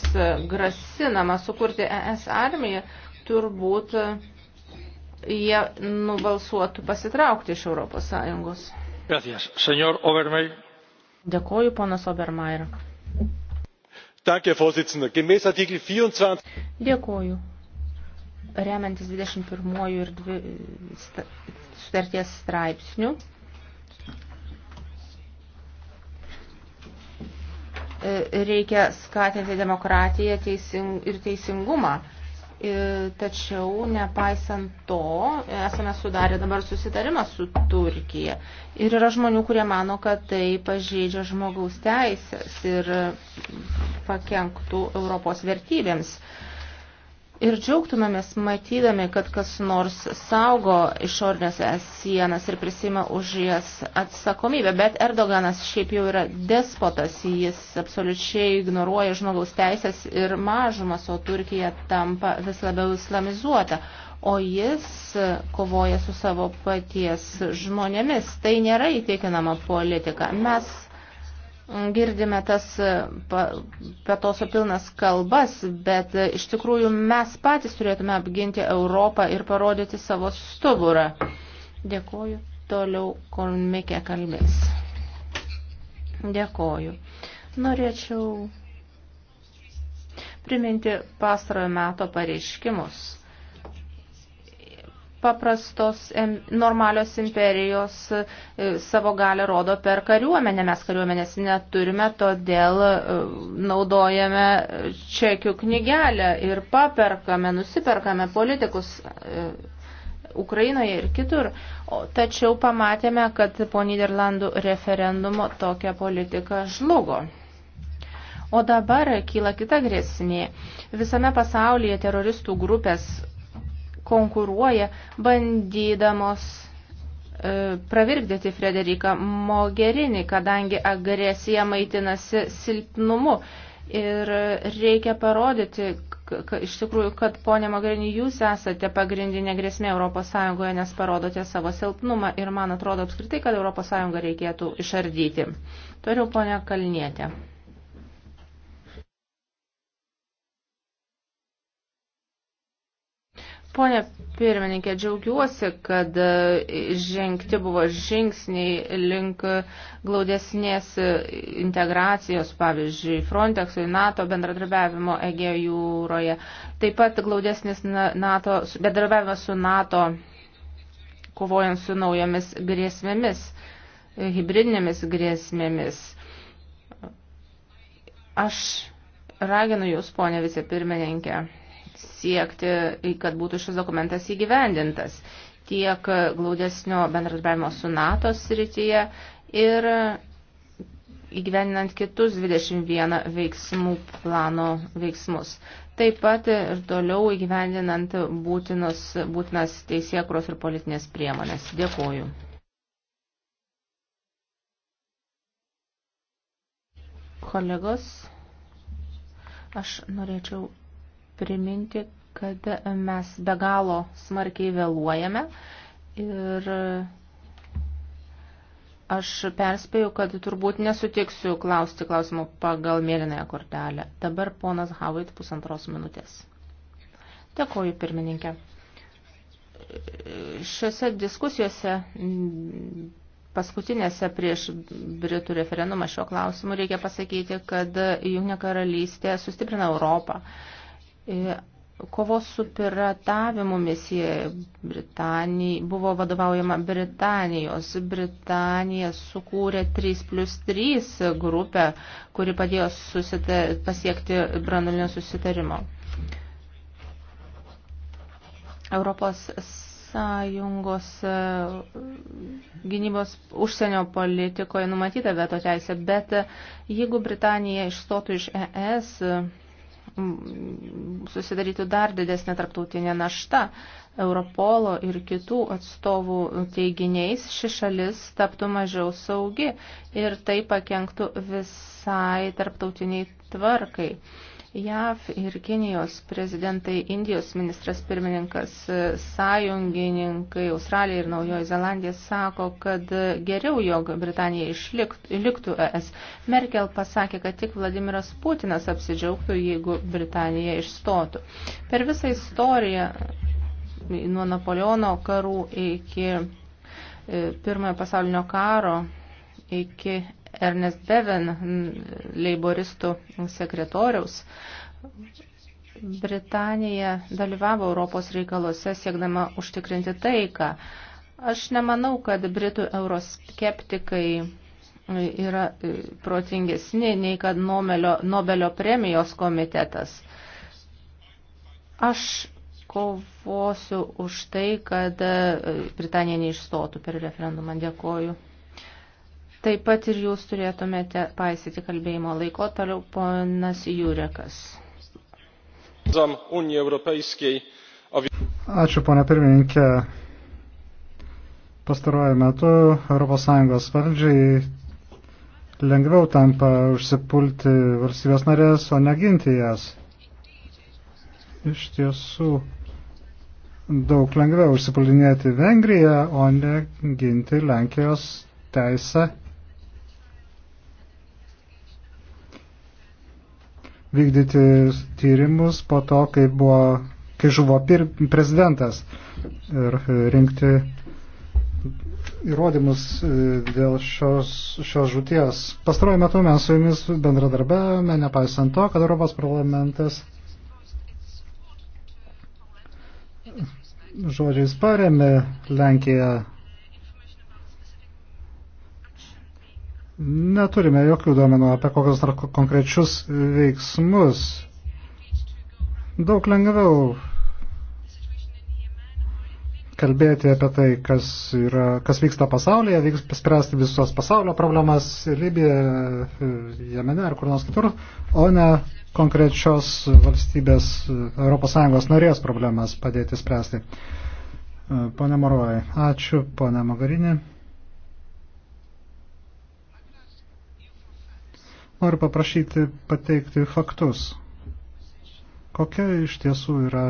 grasinama sukurti ES armiją, turbūt jie nubalsuotų pasitraukti iš Europos Sąjungos.
Gracias. Senor Obermeier.
Dėkoju, ponas Obermeier.
Danke, Herr Vorsitzender. Gemäß Artikel 24.
Dėkoju. Remiantis 21 ir 2 sutarties straipsnių. E, reikia skatinti demokratiją teising, ir teisingumą. E, tačiau, nepaisant to, esame sudarę dabar susitarimą su Turkija. Ir yra žmonių, kurie mano, kad tai pažeidžia žmogaus teisės ir pakenktų Europos vertybėms. Ir džiaugtumėmės matydami, kad kas nors saugo išorinės sienas ir prisima už jas atsakomybę. Bet Erdoganas šiaip jau yra despotas, jis absoliučiai ignoruoja žmogaus teisės ir mažumas, o Turkija tampa vis labiau islamizuota. O jis kovoja su savo paties žmonėmis. Tai nėra įtikinama politika. Mes girdime tas petoso pilnas kalbas, bet e, iš tikrųjų mes patys turėtume apginti Europą ir parodyti savo stuburą. Dėkoju. Toliau Kornmikė kalbės. Dėkoju. Norėčiau priminti pastarojo meto pareiškimus paprastos normalios imperijos e, savo galę rodo per kariuomenę. Mes kariuomenės neturime, todėl e, naudojame čekių knygelę ir paperkame, nusiperkame politikus e, Ukrainoje ir kitur. O, tačiau pamatėme, kad po Niderlandų referendumo tokia politika žlugo. O dabar kyla kita grėsmė. Visame pasaulyje teroristų grupės konkuruoja, bandydamos e, pravirkdyti Frederiką Mogerinį, kadangi agresija maitinasi silpnumu. Ir reikia parodyti, iš tikrųjų, kad ponė Mogherini, jūs esate pagrindinė grėsmė ES, nes parodote savo silpnumą ir man atrodo apskritai, kad ES reikėtų išardyti. Turiu ponę Kalnietę. Pone pirmininkė, džiaugiuosi, kad e, žengti buvo žingsniai link glaudesnės integracijos, pavyzdžiui, Frontexui, NATO bendradarbiavimo Egėjo jūroje, taip pat glaudesnis NATO, bendradarbiavimas su NATO, kovojant su naujomis grėsmėmis, hybridinėmis grėsmėmis. Aš raginu Jūs, ponė vicepirmininkė. pirmininkė siekti, kad būtų šis dokumentas įgyvendintas tiek glaudesnio bendradarbiavimo su NATO srityje ir įgyveninant kitus 21 veiksmų plano veiksmus. Taip pat ir toliau įgyvendinant būtinus, būtinas teisėkros ir politinės priemonės. Dėkuoju. Kolegos, aš norėčiau priminti, kad mes be galo smarkiai vėluojame ir aš perspėju, kad turbūt nesutiksiu klausti klausimų pagal mėlynąją kortelę. Dabar ponas Havait pusantros minutės. Dėkoju, pirmininkė. Šiuose diskusijose paskutinėse prieš Britų referendumą šiuo klausimu reikia pasakyti, kad Junė karalystė sustiprina Europą. E, kovos su piratavimu misija Britanijai buvo vadovaujama Britanijos. Britanija sukūrė 3 plus 3 grupę, kuri padėjo susita, pasiekti branulinio susitarimo. Europos Sąjungos e, gynybos užsienio politikoje numatyta veto teisė, bet jeigu Britanija išstotų iš ES, susidarytų dar didesnė tarptautinė našta. Europolo ir kitų atstovų teiginiais ši šalis taptų mažiau saugi ir tai pakenktų visai tarptautiniai tvarkai. JAV ir Kinijos prezidentai, Indijos ministras pirmininkas, sąjungininkai, Australija ir Naujoji Zelandija sako, kad geriau, jog Britanija išliktų ES. Merkel pasakė, kad tik Vladimiras Putinas apsidžiaugtų, jeigu Britanija išstotų. Per visą istoriją nuo Napoleono karų iki e, pirmojo pasaulinio karo iki Ernest Bevin, leiboristų sekretoriaus, Britanija dalyvavo Europos reikaluose siekdama užtikrinti taiką. Aš nemanau, kad Britų euroskeptikai yra e, protingesni nei kad Nobelio, Nobelio premijos komitetas. Aš kovosiu už tai, kad e, Britanija neišstotų per referendumą. Dėkoju. Taip pat ir jūs turėtumėte paisyti kalbėjimo laiko. Toliau ponas Jurekas.
Ačiū, ponia pirmininkė. Pastaruoju metu ES valdžiai lengviau tampa užsipulti valstybės narės, o neginti jas. Iš tiesų daug lengviau užsipuldinėti Vengriją, o neginti Lenkijos teisę vykdyti tyrimus po to, kai, buvo, kai žuvo pir, prezidentas ir e, rinkti įrodymus e, dėl šios, šios žūties. Pastaruoju metu mes su jumis bendradarbiavome, nepaisant to, kad Europos parlamentas žodžiais paremė Lenkiją Neturime jokių duomenų apie kokius dar konkrečius veiksmus. Daug lengviau kalbėti apie tai, kas, yra, kas vyksta pasaulyje, vyks spręsti visos pasaulio problemas Libijoje, Jemene ar kur nors kitur, o ne konkrečios valstybės ES narės problemas padėti spręsti. Pone Morovai, ačiū, pone Magarinė. noriu paprašyti pateikti faktus. Kokia iš tiesų yra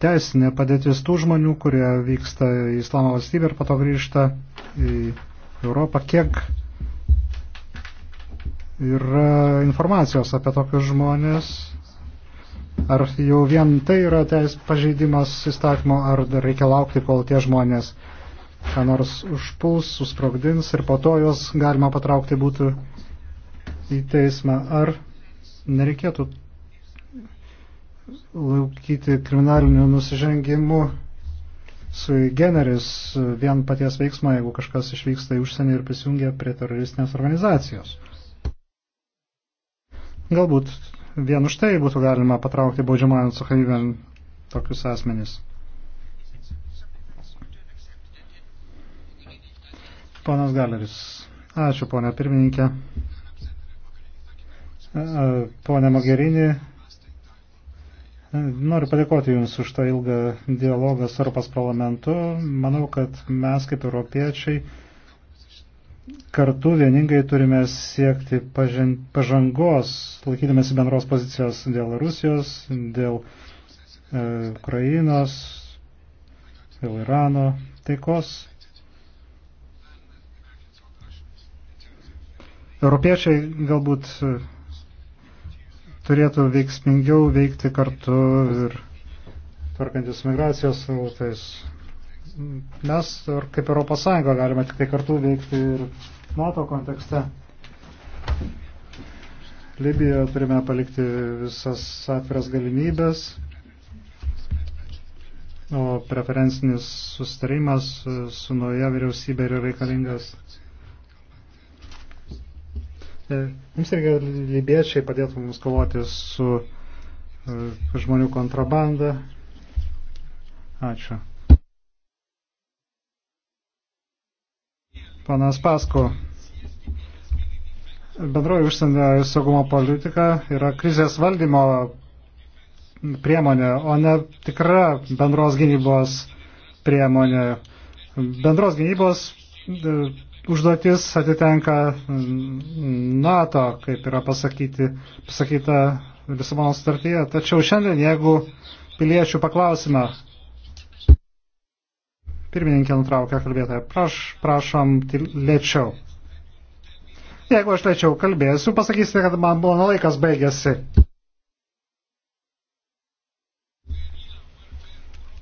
teisinė padėtis tų žmonių, kurie vyksta į Islamo valstybę ir pato grįžta į Europą, kiek yra informacijos apie tokius žmonės Ar jau vien tai yra teis pažeidimas įstatymo, ar dar reikia laukti, kol tie žmonės ką nors užpuls, susprogdins ir po to juos galima patraukti būtų į teismą. Ar nereikėtų laukyti kriminalinių nusižengimų su generis vien paties veiksmo, jeigu kažkas išvyksta į užsienį ir prisijungia prie teroristinės organizacijos. Galbūt vien už tai būtų galima patraukti baudžiamąją atsakomybę tokius asmenys. Ponas Galeris. Ačiū, ponė pirmininkė. Pone Mogherini, noriu padėkoti Jums už tą ilgą dialogą su Europos parlamentu. Manau, kad mes kaip europiečiai kartu vieningai turime siekti pažangos, laikydamėsi bendros pozicijos dėl Rusijos, dėl e, Ukrainos, dėl Irano taikos. Europiečiai galbūt e, turėtų veiksmingiau veikti kartu ir tvarkantis migracijos srautais. Mes, kaip Europos Sąjunga, galime tik tai kartu veikti ir NATO kontekste. Libijoje turime palikti visas atviras galimybės, o preferencinis sustarimas su nauja vyriausybė yra reikalingas. E, mums reikia libiečiai padėtų mums kovoti su e, žmonių kontrabanda. Ačiū. Panas Pasko. Bendroji užsienio saugumo politika yra krizės valdymo priemonė, o ne tikra bendros gynybos priemonė. Bendros gynybos e, užduotis atitenka mm, NATO, kaip yra pasakyti, pasakyta Lisabono sutartyje. Tačiau šiandien, jeigu piliečių paklausime, Pirmininkė nutraukia kalbėtoją. Praš, prašom lėčiau. Jeigu aš lėčiau kalbėsiu, pasakysite, kad man mano laikas baigėsi.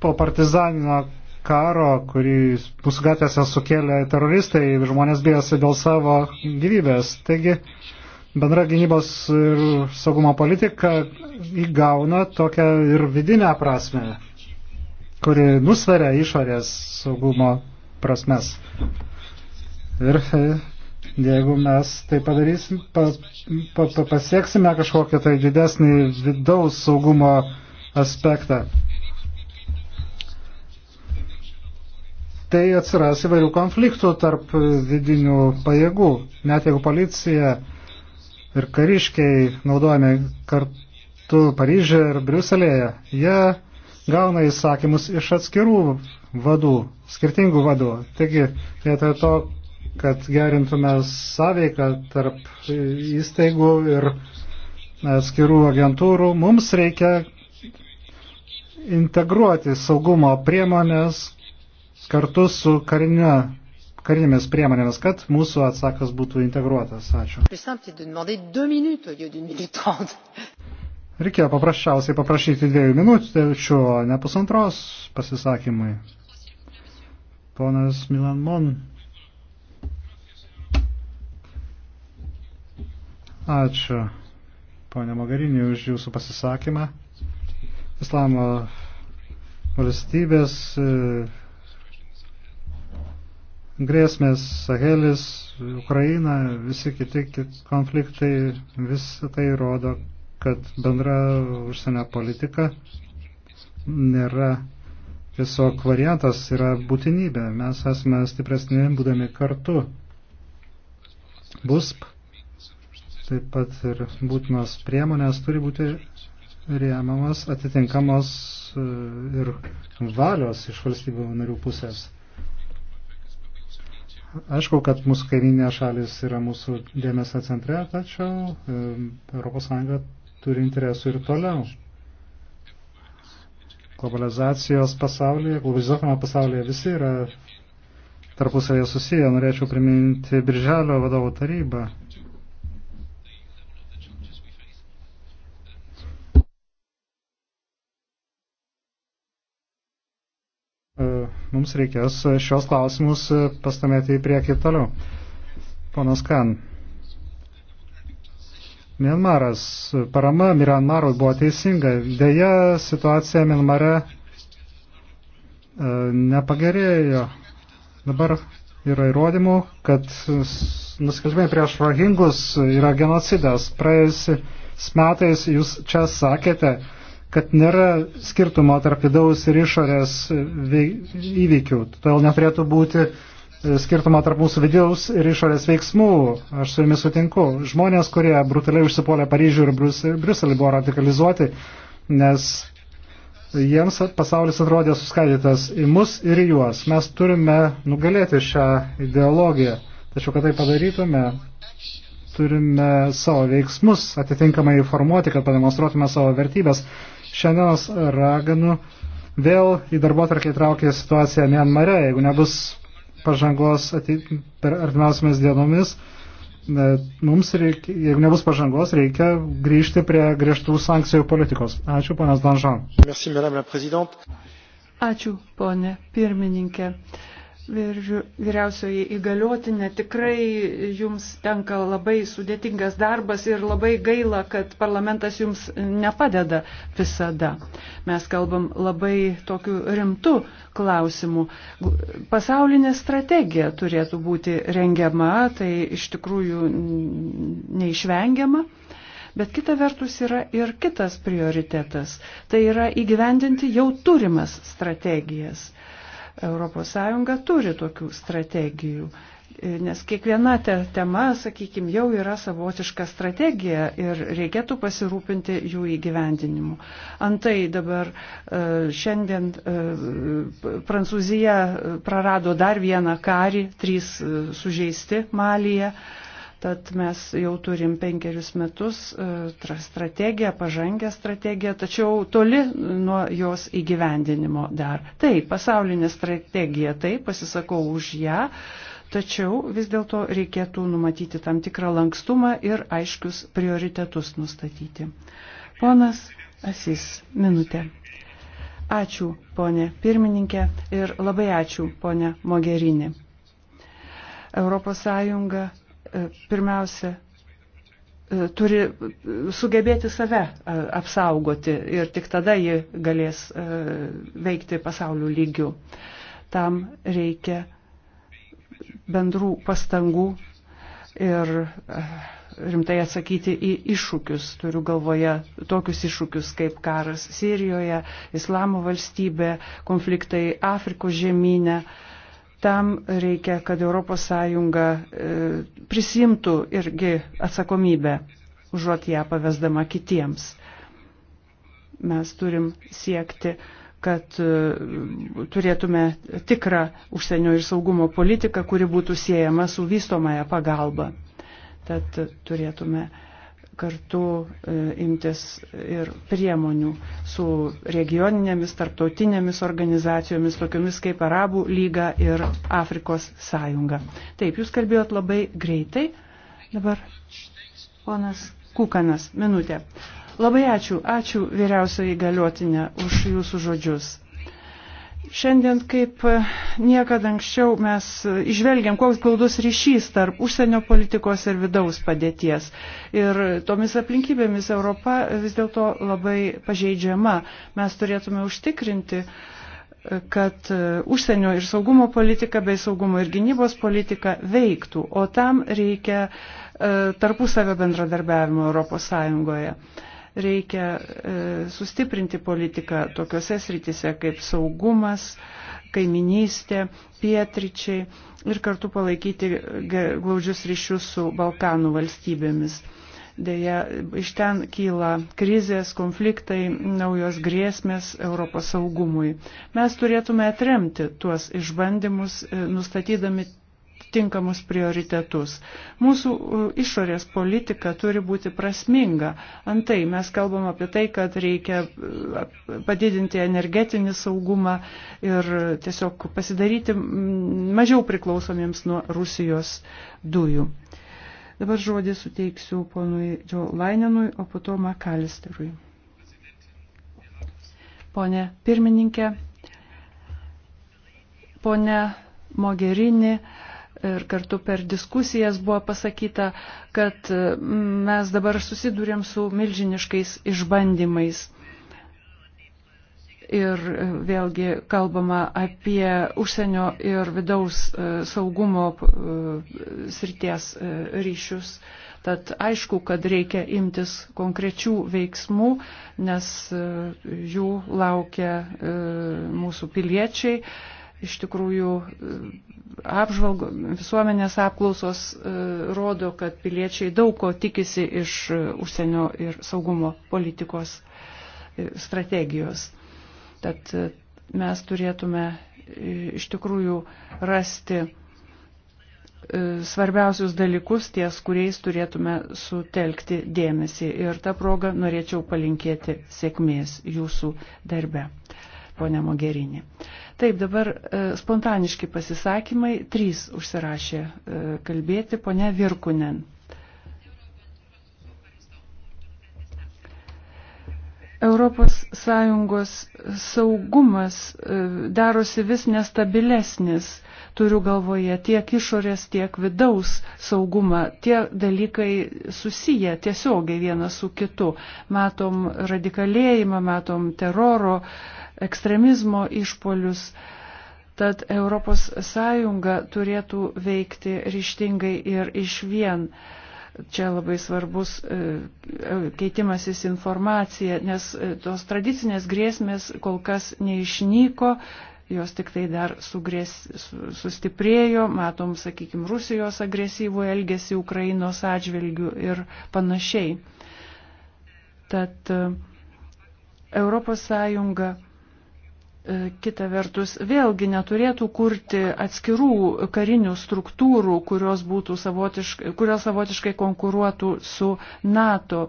Po partizaninio karo, kurį mūsų gatvėse sukėlė teroristai, žmonės bijosi dėl savo gyvybės. Taigi, bendra gynybos ir saugumo politika įgauna tokią ir vidinę prasme kuri nusveria išorės saugumo prasmes. Ir e, jeigu mes tai padarysim, pa, pa, pa, pasieksime kažkokią tai didesnį vidaus saugumo aspektą, tai atsiras įvairių konfliktų tarp vidinių pajėgų. Net jeigu policija ir kariškiai naudojami kartu Paryžė ir Briuselėje, jie gauna įsakymus iš atskirų vadų, skirtingų vadų. Taigi, vietoj to, kad gerintume sąveiką tarp įstaigų ir atskirų agentūrų, mums reikia integruoti saugumo priemonės kartu su karinė karinėmis priemonėmis, kad mūsų atsakas būtų integruotas. Ačiū. Reikėjo paprasčiausiai paprašyti dviejų minučių, o ne pusantros pasisakymui. Ponas Milan Mon. Ačiū, ponė Mogarinė, už jūsų pasisakymą. Islamo valstybės e, grėsmės, Sahelis, Ukraina, visi kiti konfliktai, visi tai rodo, kad bendra užsienio politika nėra tiesiog variantas, yra būtinybė. Mes esame stipresni, būdami kartu. BUSP, taip pat ir būtinos priemonės turi būti rėmamas atitinkamos e, ir valios iš valstybių narių pusės. Aišku, kad mūsų kaiminė šalis yra mūsų dėmesio centre, tačiau ES turi interesų ir toliau. Globalizacijos pasaulyje, globalizuotame pasaulyje visi yra tarpusavėje susiję. Norėčiau priminti Birželio vadovų tarybą. E, mums reikės šios klausimus pastumėti į priekį toliau. Ponas Kan. Mianmaras. Parama Mianmarui buvo teisinga. Deja, situacija Mianmare e, nepagerėjo. Dabar yra įrodymų, kad nusikaltimai prieš rohingus yra genocidas. Praėjusiais metais jūs čia sakėte, kad nėra skirtumo tarp vidaus ir išorės įvykių. Todėl neturėtų būti uh, skirtumą tarp mūsų vidaus ir išorės veiksmų. Aš su jumis sutinku. Žmonės, kurie brutaliai užsipuolė Paryžių ir Briuselį, buvo radikalizuoti, nes jiems pasaulis atrodė suskaidytas į mus ir į juos. Mes turime nugalėti šią ideologiją. Tačiau, kad tai padarytume, turime savo veiksmus atitinkamai formuoti, kad pademonstruotume savo vertybės. Šiandienos raganų vėl į darbo tarkiai traukė situaciją Mianmare. Jeigu nebus pažangos ateit, per artimiausiamis dienomis, e, mums reikia, jeigu nebus pažangos, reikia grįžti prie griežtų sankcijų politikos. Ačiū, ponas Danžan.
Ačiū, ponė pirmininkė. Vyriausioji įgaliotinė, tikrai jums tenka labai sudėtingas darbas ir labai gaila, kad parlamentas jums nepadeda visada. Mes kalbam labai tokiu rimtu klausimu. Pasaulinė strategija turėtų būti rengiama, tai iš tikrųjų neišvengiama. Bet kita vertus yra ir kitas prioritetas. Tai yra įgyvendinti jau turimas strategijas ES turi tokių strategijų. Nes kiekviena te tema, sakykime, jau yra savotiška strategija ir reikėtų pasirūpinti jų įgyvendinimu. Antai dabar e, šiandien e, Prancūzija prarado dar vieną karį, trys e, sužeisti Malyje. Tad mes jau turim penkerius metus e, strategiją, pažangę strategiją, tačiau toli nuo jos įgyvendinimo dar. Taip, pasaulinė strategija, taip, pasisakau už ją, tačiau vis dėlto reikėtų numatyti tam tikrą lankstumą ir aiškius prioritetus nustatyti. Ponas Asis, minutė. Ačiū, ponė pirmininkė, ir labai ačiū, ponė Mogerinė. Europos Sąjunga E, pirmiausia, e, turi sugebėti save e, apsaugoti ir tik tada ji galės veikti pasaulių lygių. Tam reikia bendrų pastangų ir rimtai atsakyti į iššūkius, turiu galvoje tokius iššūkius kaip karas Sirijoje, Islamo valstybė, konfliktai Afrikos žemynė, Tam reikia, kad ES e, prisimtų irgi atsakomybę, užuot ją pavesdama kitiems. Mes turim siekti kad e, turėtume tikrą užsienio ir saugumo politiką, kuri būtų siejama su vystomąją pagalbą. Tad turėtume kartu e, imtis ir priemonių su regioninėmis, tarptautinėmis organizacijomis, tokiomis kaip Arabų lyga ir Afrikos sąjunga. Taip, jūs kalbėjot labai greitai. Dabar ponas Kukanas, minutė. Labai ačiū, ačiū vyriausiai galiotinė už jūsų žodžius. Šiandien kaip niekada anksčiau mes išvelgiam, koks glaudus ryšys tarp užsienio politikos ir vidaus padėties. Ir tomis aplinkybėmis Europa vis dėlto labai pažeidžiama. Mes turėtume užtikrinti, kad užsienio ir saugumo politika bei saugumo ir gynybos politika veiktų, o tam reikia e, tarpusavio bendradarbiavimo Europos Sąjungoje reikia e, sustiprinti politiką tokiuose srityse kaip saugumas, kaiminystė, pietričiai ir kartu palaikyti glaudžius ryšius su Balkanų valstybėmis. Deja, iš ten kyla krizės, konfliktai, naujos grėsmės Europos saugumui. Mes turėtume atremti tuos išbandymus, e, nustatydami tinkamus prioritetus. Mūsų išorės politika turi būti prasminga. Antai mes kalbam apie tai, kad reikia padidinti energetinį saugumą ir tiesiog pasidaryti mažiau priklausomiems nuo Rusijos dujų. Dabar žodį suteiksiu ponui Džo Laininui, o po to Makalisterui. Pone pirmininkė, pone Mogerini, ir kartu per diskusijas buvo pasakyta, kad e, mes dabar susidūrėm su milžiniškais išbandymais. Ir e, vėlgi kalbama apie užsienio ir vidaus e, saugumo srities ryšius. Tad aišku, kad reikia imtis konkrečių veiksmų, nes jų laukia mūsų piliečiai Iš tikrųjų, e, apžvalgo, visuomenės apklausos e, rodo, kad piliečiai daug ko tikisi iš e, užsienio ir saugumo politikos strategijos. Tad mes turėtume iš tikrųjų rasti svarbiausius dalykus, ties kuriais turėtume sutelkti dėmesį. Ir tą progą norėčiau palinkėti sėkmės jūsų darbe, ponia Mogerinė. Taip, dabar e, spontaniški pasisakymai. Trys užsirašė e, kalbėti, ponia Virkunen. Europos Sąjungos saugumas e, darosi vis nestabilesnis. Turiu galvoje tiek išorės, tiek vidaus saugumą. Tie dalykai susiję tiesiogiai vienas su kitu. Matom radikalėjimą, matom teroro. E, ekstremizmo išpolius. Tad ES turėtų veikti ryštingai ir iš vien. Čia labai svarbus e, keitimasis informacija, nes e, tos tradicinės grėsmės kol kas neišnyko, jos tik tai dar sugrės, sustiprėjo, matom, sakykime, Rusijos agresyvų elgesį Ukrainos atžvilgių ir panašiai. Tad ES E, kita vertus, vėlgi neturėtų kurti atskirų karinių struktūrų, kurios, būtų savotiškai, kurios savotiškai konkuruotų su NATO.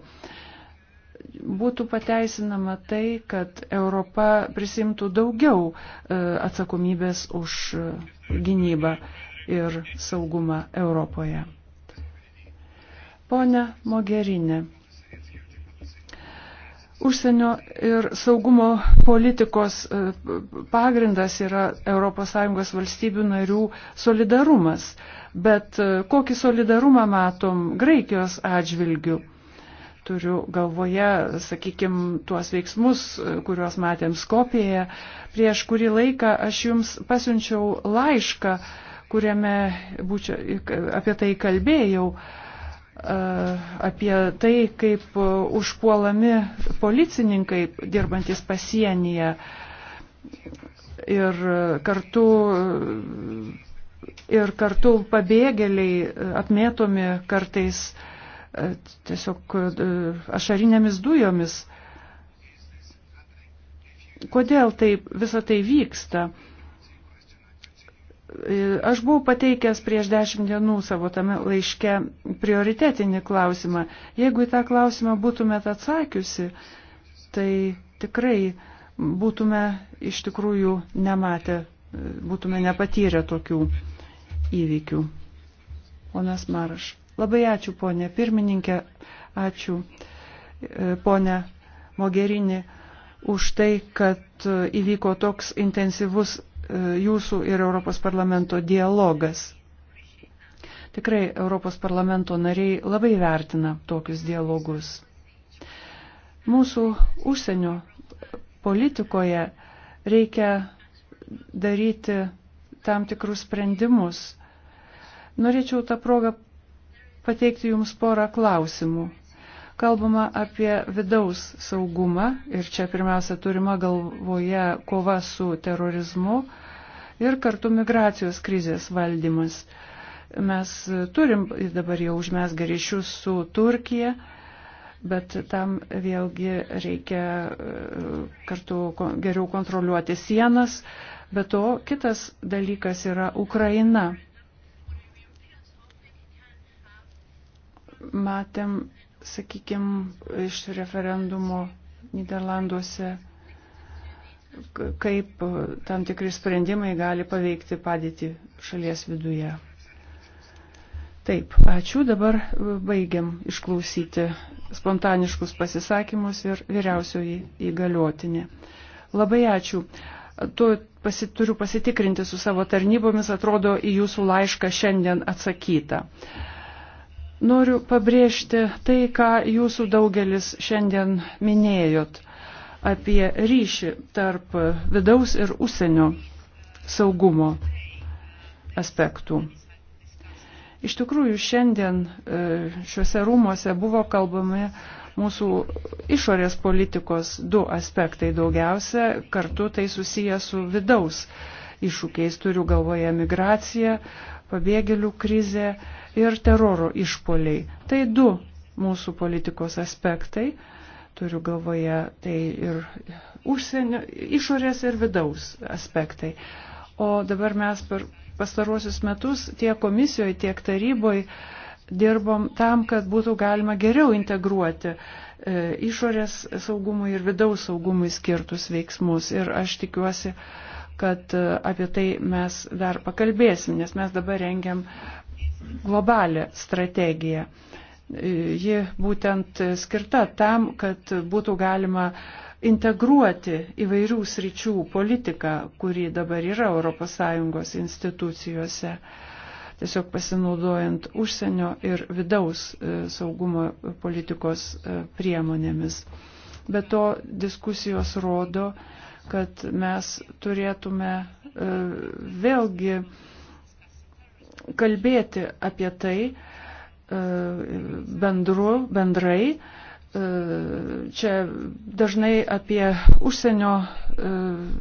Būtų pateisinama tai, kad Europa prisimtų daugiau e, atsakomybės už e, gynybą ir saugumą Europoje. Pone Mogerinė, Užsienio ir saugumo politikos e, pagrindas yra ES valstybių narių solidarumas, bet e, kokį solidarumą matom Graikijos atžvilgių? turiu galvoje, sakykime, tuos veiksmus, e, kuriuos matėm Skopijoje. Prieš kurį laiką aš jums pasiunčiau laišką, kuriame būčia, apie tai kalbėjau apie tai, kaip užpuolami policininkai dirbantis pasienyje ir kartu, ir kartu pabėgėliai apmėtomi kartais tiesiog ašarinėmis dujomis. Kodėl taip visą tai vyksta? E, aš buvau pateikęs prieš dešimt dienų savo tame laiške prioritetinį klausimą. Jeigu į tą klausimą būtumėt atsakiusi, tai tikrai būtume iš tikrųjų nematę, e, būtume nepatyrę tokių įvykių. Ponas Maraš. Labai ačiū, ponė pirmininkė, ačiū, e, ponė Mogerini, už tai, kad įvyko toks intensyvus E, jūsų ir Europos parlamento dialogas. Tikrai Europos parlamento nariai labai vertina tokius dialogus. Mūsų užsienio politikoje reikia daryti tam tikrus sprendimus. Norėčiau tą progą pateikti Jums porą klausimų kalbama apie vidaus saugumą ir čia pirmiausia turima galvoje kova su terorizmu ir kartu migracijos krizės valdymas. Mes turim dabar jau užmesgę ryšius su Turkija, bet tam vėlgi reikia e, kartu geriau kontroliuoti sienas. Be to, kitas dalykas yra Ukraina. Matėm sakykime, iš referendumo Niderlanduose, kaip tam tikri sprendimai gali paveikti padėti šalies viduje. Taip, ačiū, dabar baigiam išklausyti spontaniškus pasisakymus ir vyriausioji įgaliotinė. Labai ačiū. Tu pasi, turiu pasitikrinti su savo tarnybomis, atrodo, į jūsų laišką šiandien atsakyta. Uh, Noriu pabrėžti tai, ką jūsų daugelis šiandien minėjot apie ryšį tarp vidaus ir užsienio saugumo aspektų. Iš tikrųjų, šiandien e, šiuose rūmose buvo kalbami mūsų išorės politikos du aspektai daugiausia, kartu tai susiję su vidaus iššūkiais, turiu galvoje migraciją, pabėgėlių krizę ir teroro išpoliai. Tai du mūsų politikos aspektai, turiu galvoje, tai ir užsienio, išorės ir vidaus aspektai. O dabar mes per pastaruosius metus tiek komisijoje, tiek taryboje dirbom tam, kad būtų galima geriau integruoti e, išorės saugumui ir vidaus saugumui skirtus veiksmus. Ir aš tikiuosi, kad e, apie tai mes dar pakalbėsim, nes mes dabar rengiam globalią strategiją. Ji būtent skirta tam, kad būtų galima integruoti įvairių sričių politiką, kuri dabar yra ES institucijose, tiesiog pasinaudojant užsienio ir vidaus e, saugumo politikos e, priemonėmis. Be to diskusijos rodo, kad mes turėtume e, vėlgi kalbėti apie tai e, bendru, bendrai. E, čia dažnai apie užsienio e,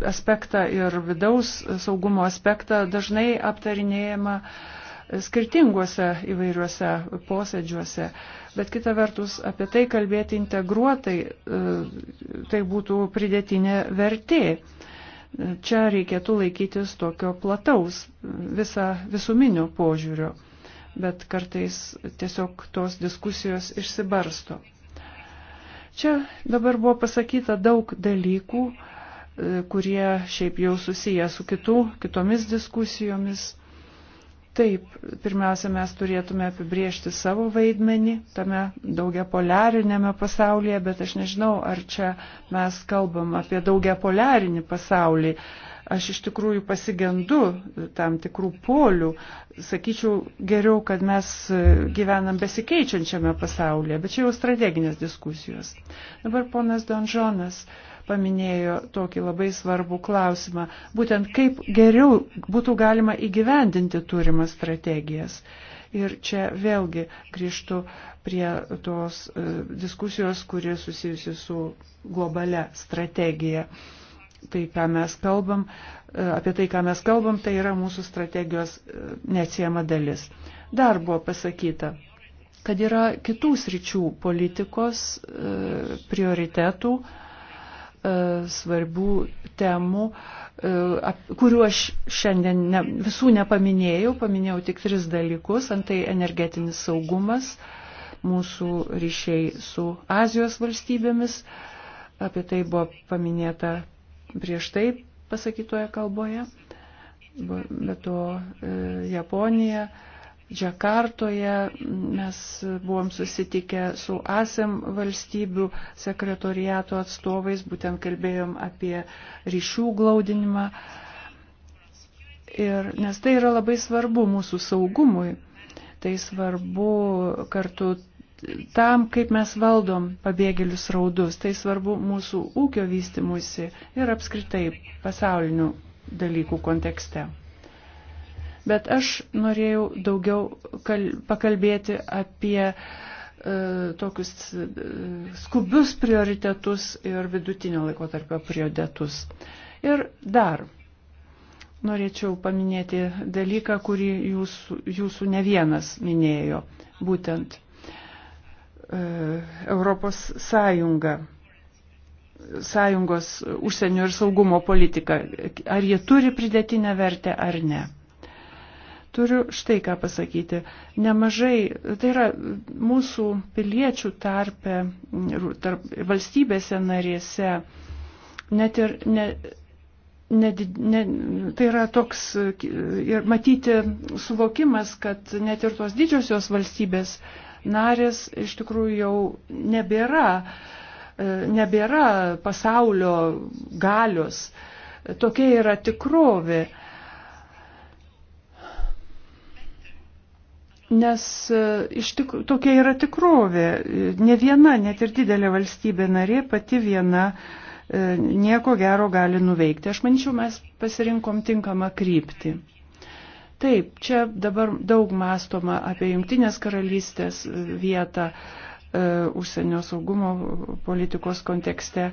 aspektą ir vidaus saugumo aspektą dažnai aptarinėjama skirtinguose įvairiuose posėdžiuose, bet kita vertus apie tai kalbėti integruotai tai būtų pridėtinė vertė. Čia reikėtų laikytis tokio plataus, visa, visuminio požiūrio, bet kartais tiesiog tos diskusijos išsibarsto. Čia dabar buvo pasakyta daug dalykų, e, kurie šiaip jau susiję su kitų, kitomis diskusijomis. Taip, pirmiausia, mes turėtume apibriežti savo vaidmenį tame daugiapolarinėme pasaulyje, bet aš nežinau, ar čia mes kalbam apie daugiapolarinį pasaulį. Aš iš tikrųjų pasigendu tam tikrų polių. Sakyčiau, geriau, kad mes gyvenam besikeičiančiame pasaulyje, bet čia jau strateginės diskusijos. Dabar ponas Donžonas. Uh, paminėjo tokį labai svarbų klausimą, būtent kaip geriau būtų galima įgyvendinti turimas strategijas. Ir čia vėlgi grįžtu prie tos e, diskusijos, kuri susijusi su globale strategija. Tai, ką mes kalbam, e, apie tai, ką mes kalbam, tai yra mūsų strategijos e, neatsiema dalis. Dar buvo pasakyta, kad yra kitų sričių politikos prioritetų, E, svarbių temų, e, kurių aš šiandien ne, visų nepaminėjau, paminėjau tik tris dalykus, antai energetinis saugumas, mūsų ryšiai su Azijos valstybėmis, apie tai buvo paminėta prieš tai pasakytoje kalboje, be to e, Japonija, Džakartoje mes buvom susitikę su ASEM valstybių sekretoriato atstovais, būtent kalbėjom apie ryšių glaudinimą. Ir, nes tai yra labai svarbu mūsų saugumui, tai svarbu kartu tam, kaip mes valdom pabėgėlius raudus, tai svarbu mūsų ūkio vystimusi ir apskritai pasaulinių dalykų kontekste. Bet aš norėjau daugiau kal pakalbėti apie e, tokius e, skubius prioritetus ir vidutinio laikotarpio prioritetus. Ir dar norėčiau paminėti dalyką, kurį jūsų, jūsų ne vienas minėjo, būtent e, Europos Sąjunga sąjungos užsienio ir saugumo politika, ar jie turi pridėtinę vertę ar ne. Turiu štai ką pasakyti. Nemažai, tai yra mūsų piliečių tarpe, tarp valstybėse narėse, net ir ne, ne, ne, tai yra toks ir matyti suvokimas, kad net ir tos didžiosios valstybės narės iš tikrųjų jau nebėra, e, nebėra pasaulio galios. Tokia yra tikrovė. Nes e, iš tik, tokia yra tikrovė. Ne viena, net ir didelė valstybė narė, pati viena e, nieko gero gali nuveikti. Aš manyčiau, mes pasirinkom tinkamą kryptį. Taip, čia dabar daug mąstoma apie Junktinės karalystės e, vietą užsienio saugumo politikos kontekste.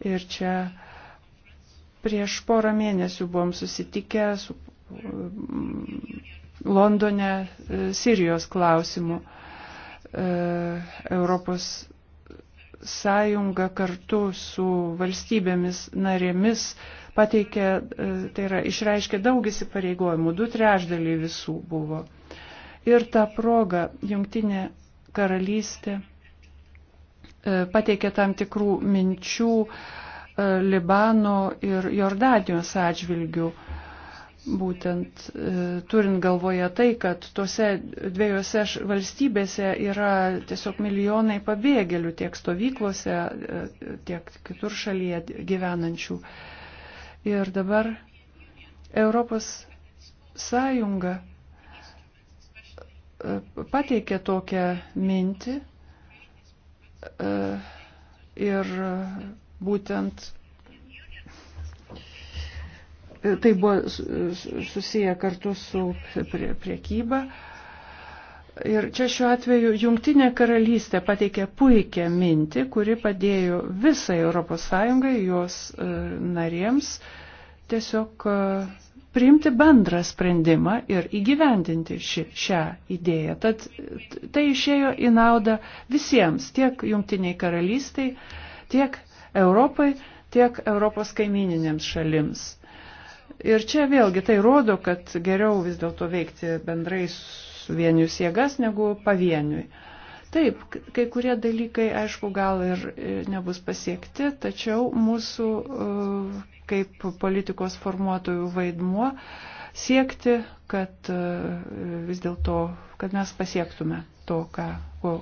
Ir čia prieš porą mėnesių buvom susitikę su Londone e, Sirijos klausimu. E, Europos sąjunga kartu su valstybėmis narėmis pateikė, e, tai yra išreiškė daug įsipareigojimų, du trešdaliai visų buvo. Ir tą progą jungtinė karalystė pateikė tam tikrų minčių Libano ir Jordanijos atžvilgių Būtent e, turint galvoje tai, kad tose dviejose valstybėse yra tiesiog milijonai pabėgėlių tiek stovyklose, e, tiek kitur šalyje gyvenančių. Ir dabar Europos Sąjunga e, pateikė tokią mintį ir būtent tai buvo susiję kartu su prie, priekyba. Ir čia šiuo atveju Jungtinė karalystė pateikė puikią mintį, kuri padėjo visai ES, jos e, narėms tiesiog e, priimti bendrą sprendimą ir įgyvendinti ši, šią idėją. Tad tai išėjo į naudą visiems, tiek Jungtiniai karalystiai, tiek Europai, tiek Europos kaimininėms šalims. Ir čia vėlgi tai rodo, kad geriau vis dėlto veikti bendrai suvienijus jėgas negu pavieniui. Taip, kai kurie dalykai, aišku, gal ir e, nebus pasiekti, tačiau mūsų e, kaip politikos formuotojų vaidmuo siekti, kad e, vis dėlto, kad mes pasiektume to, ką, ko,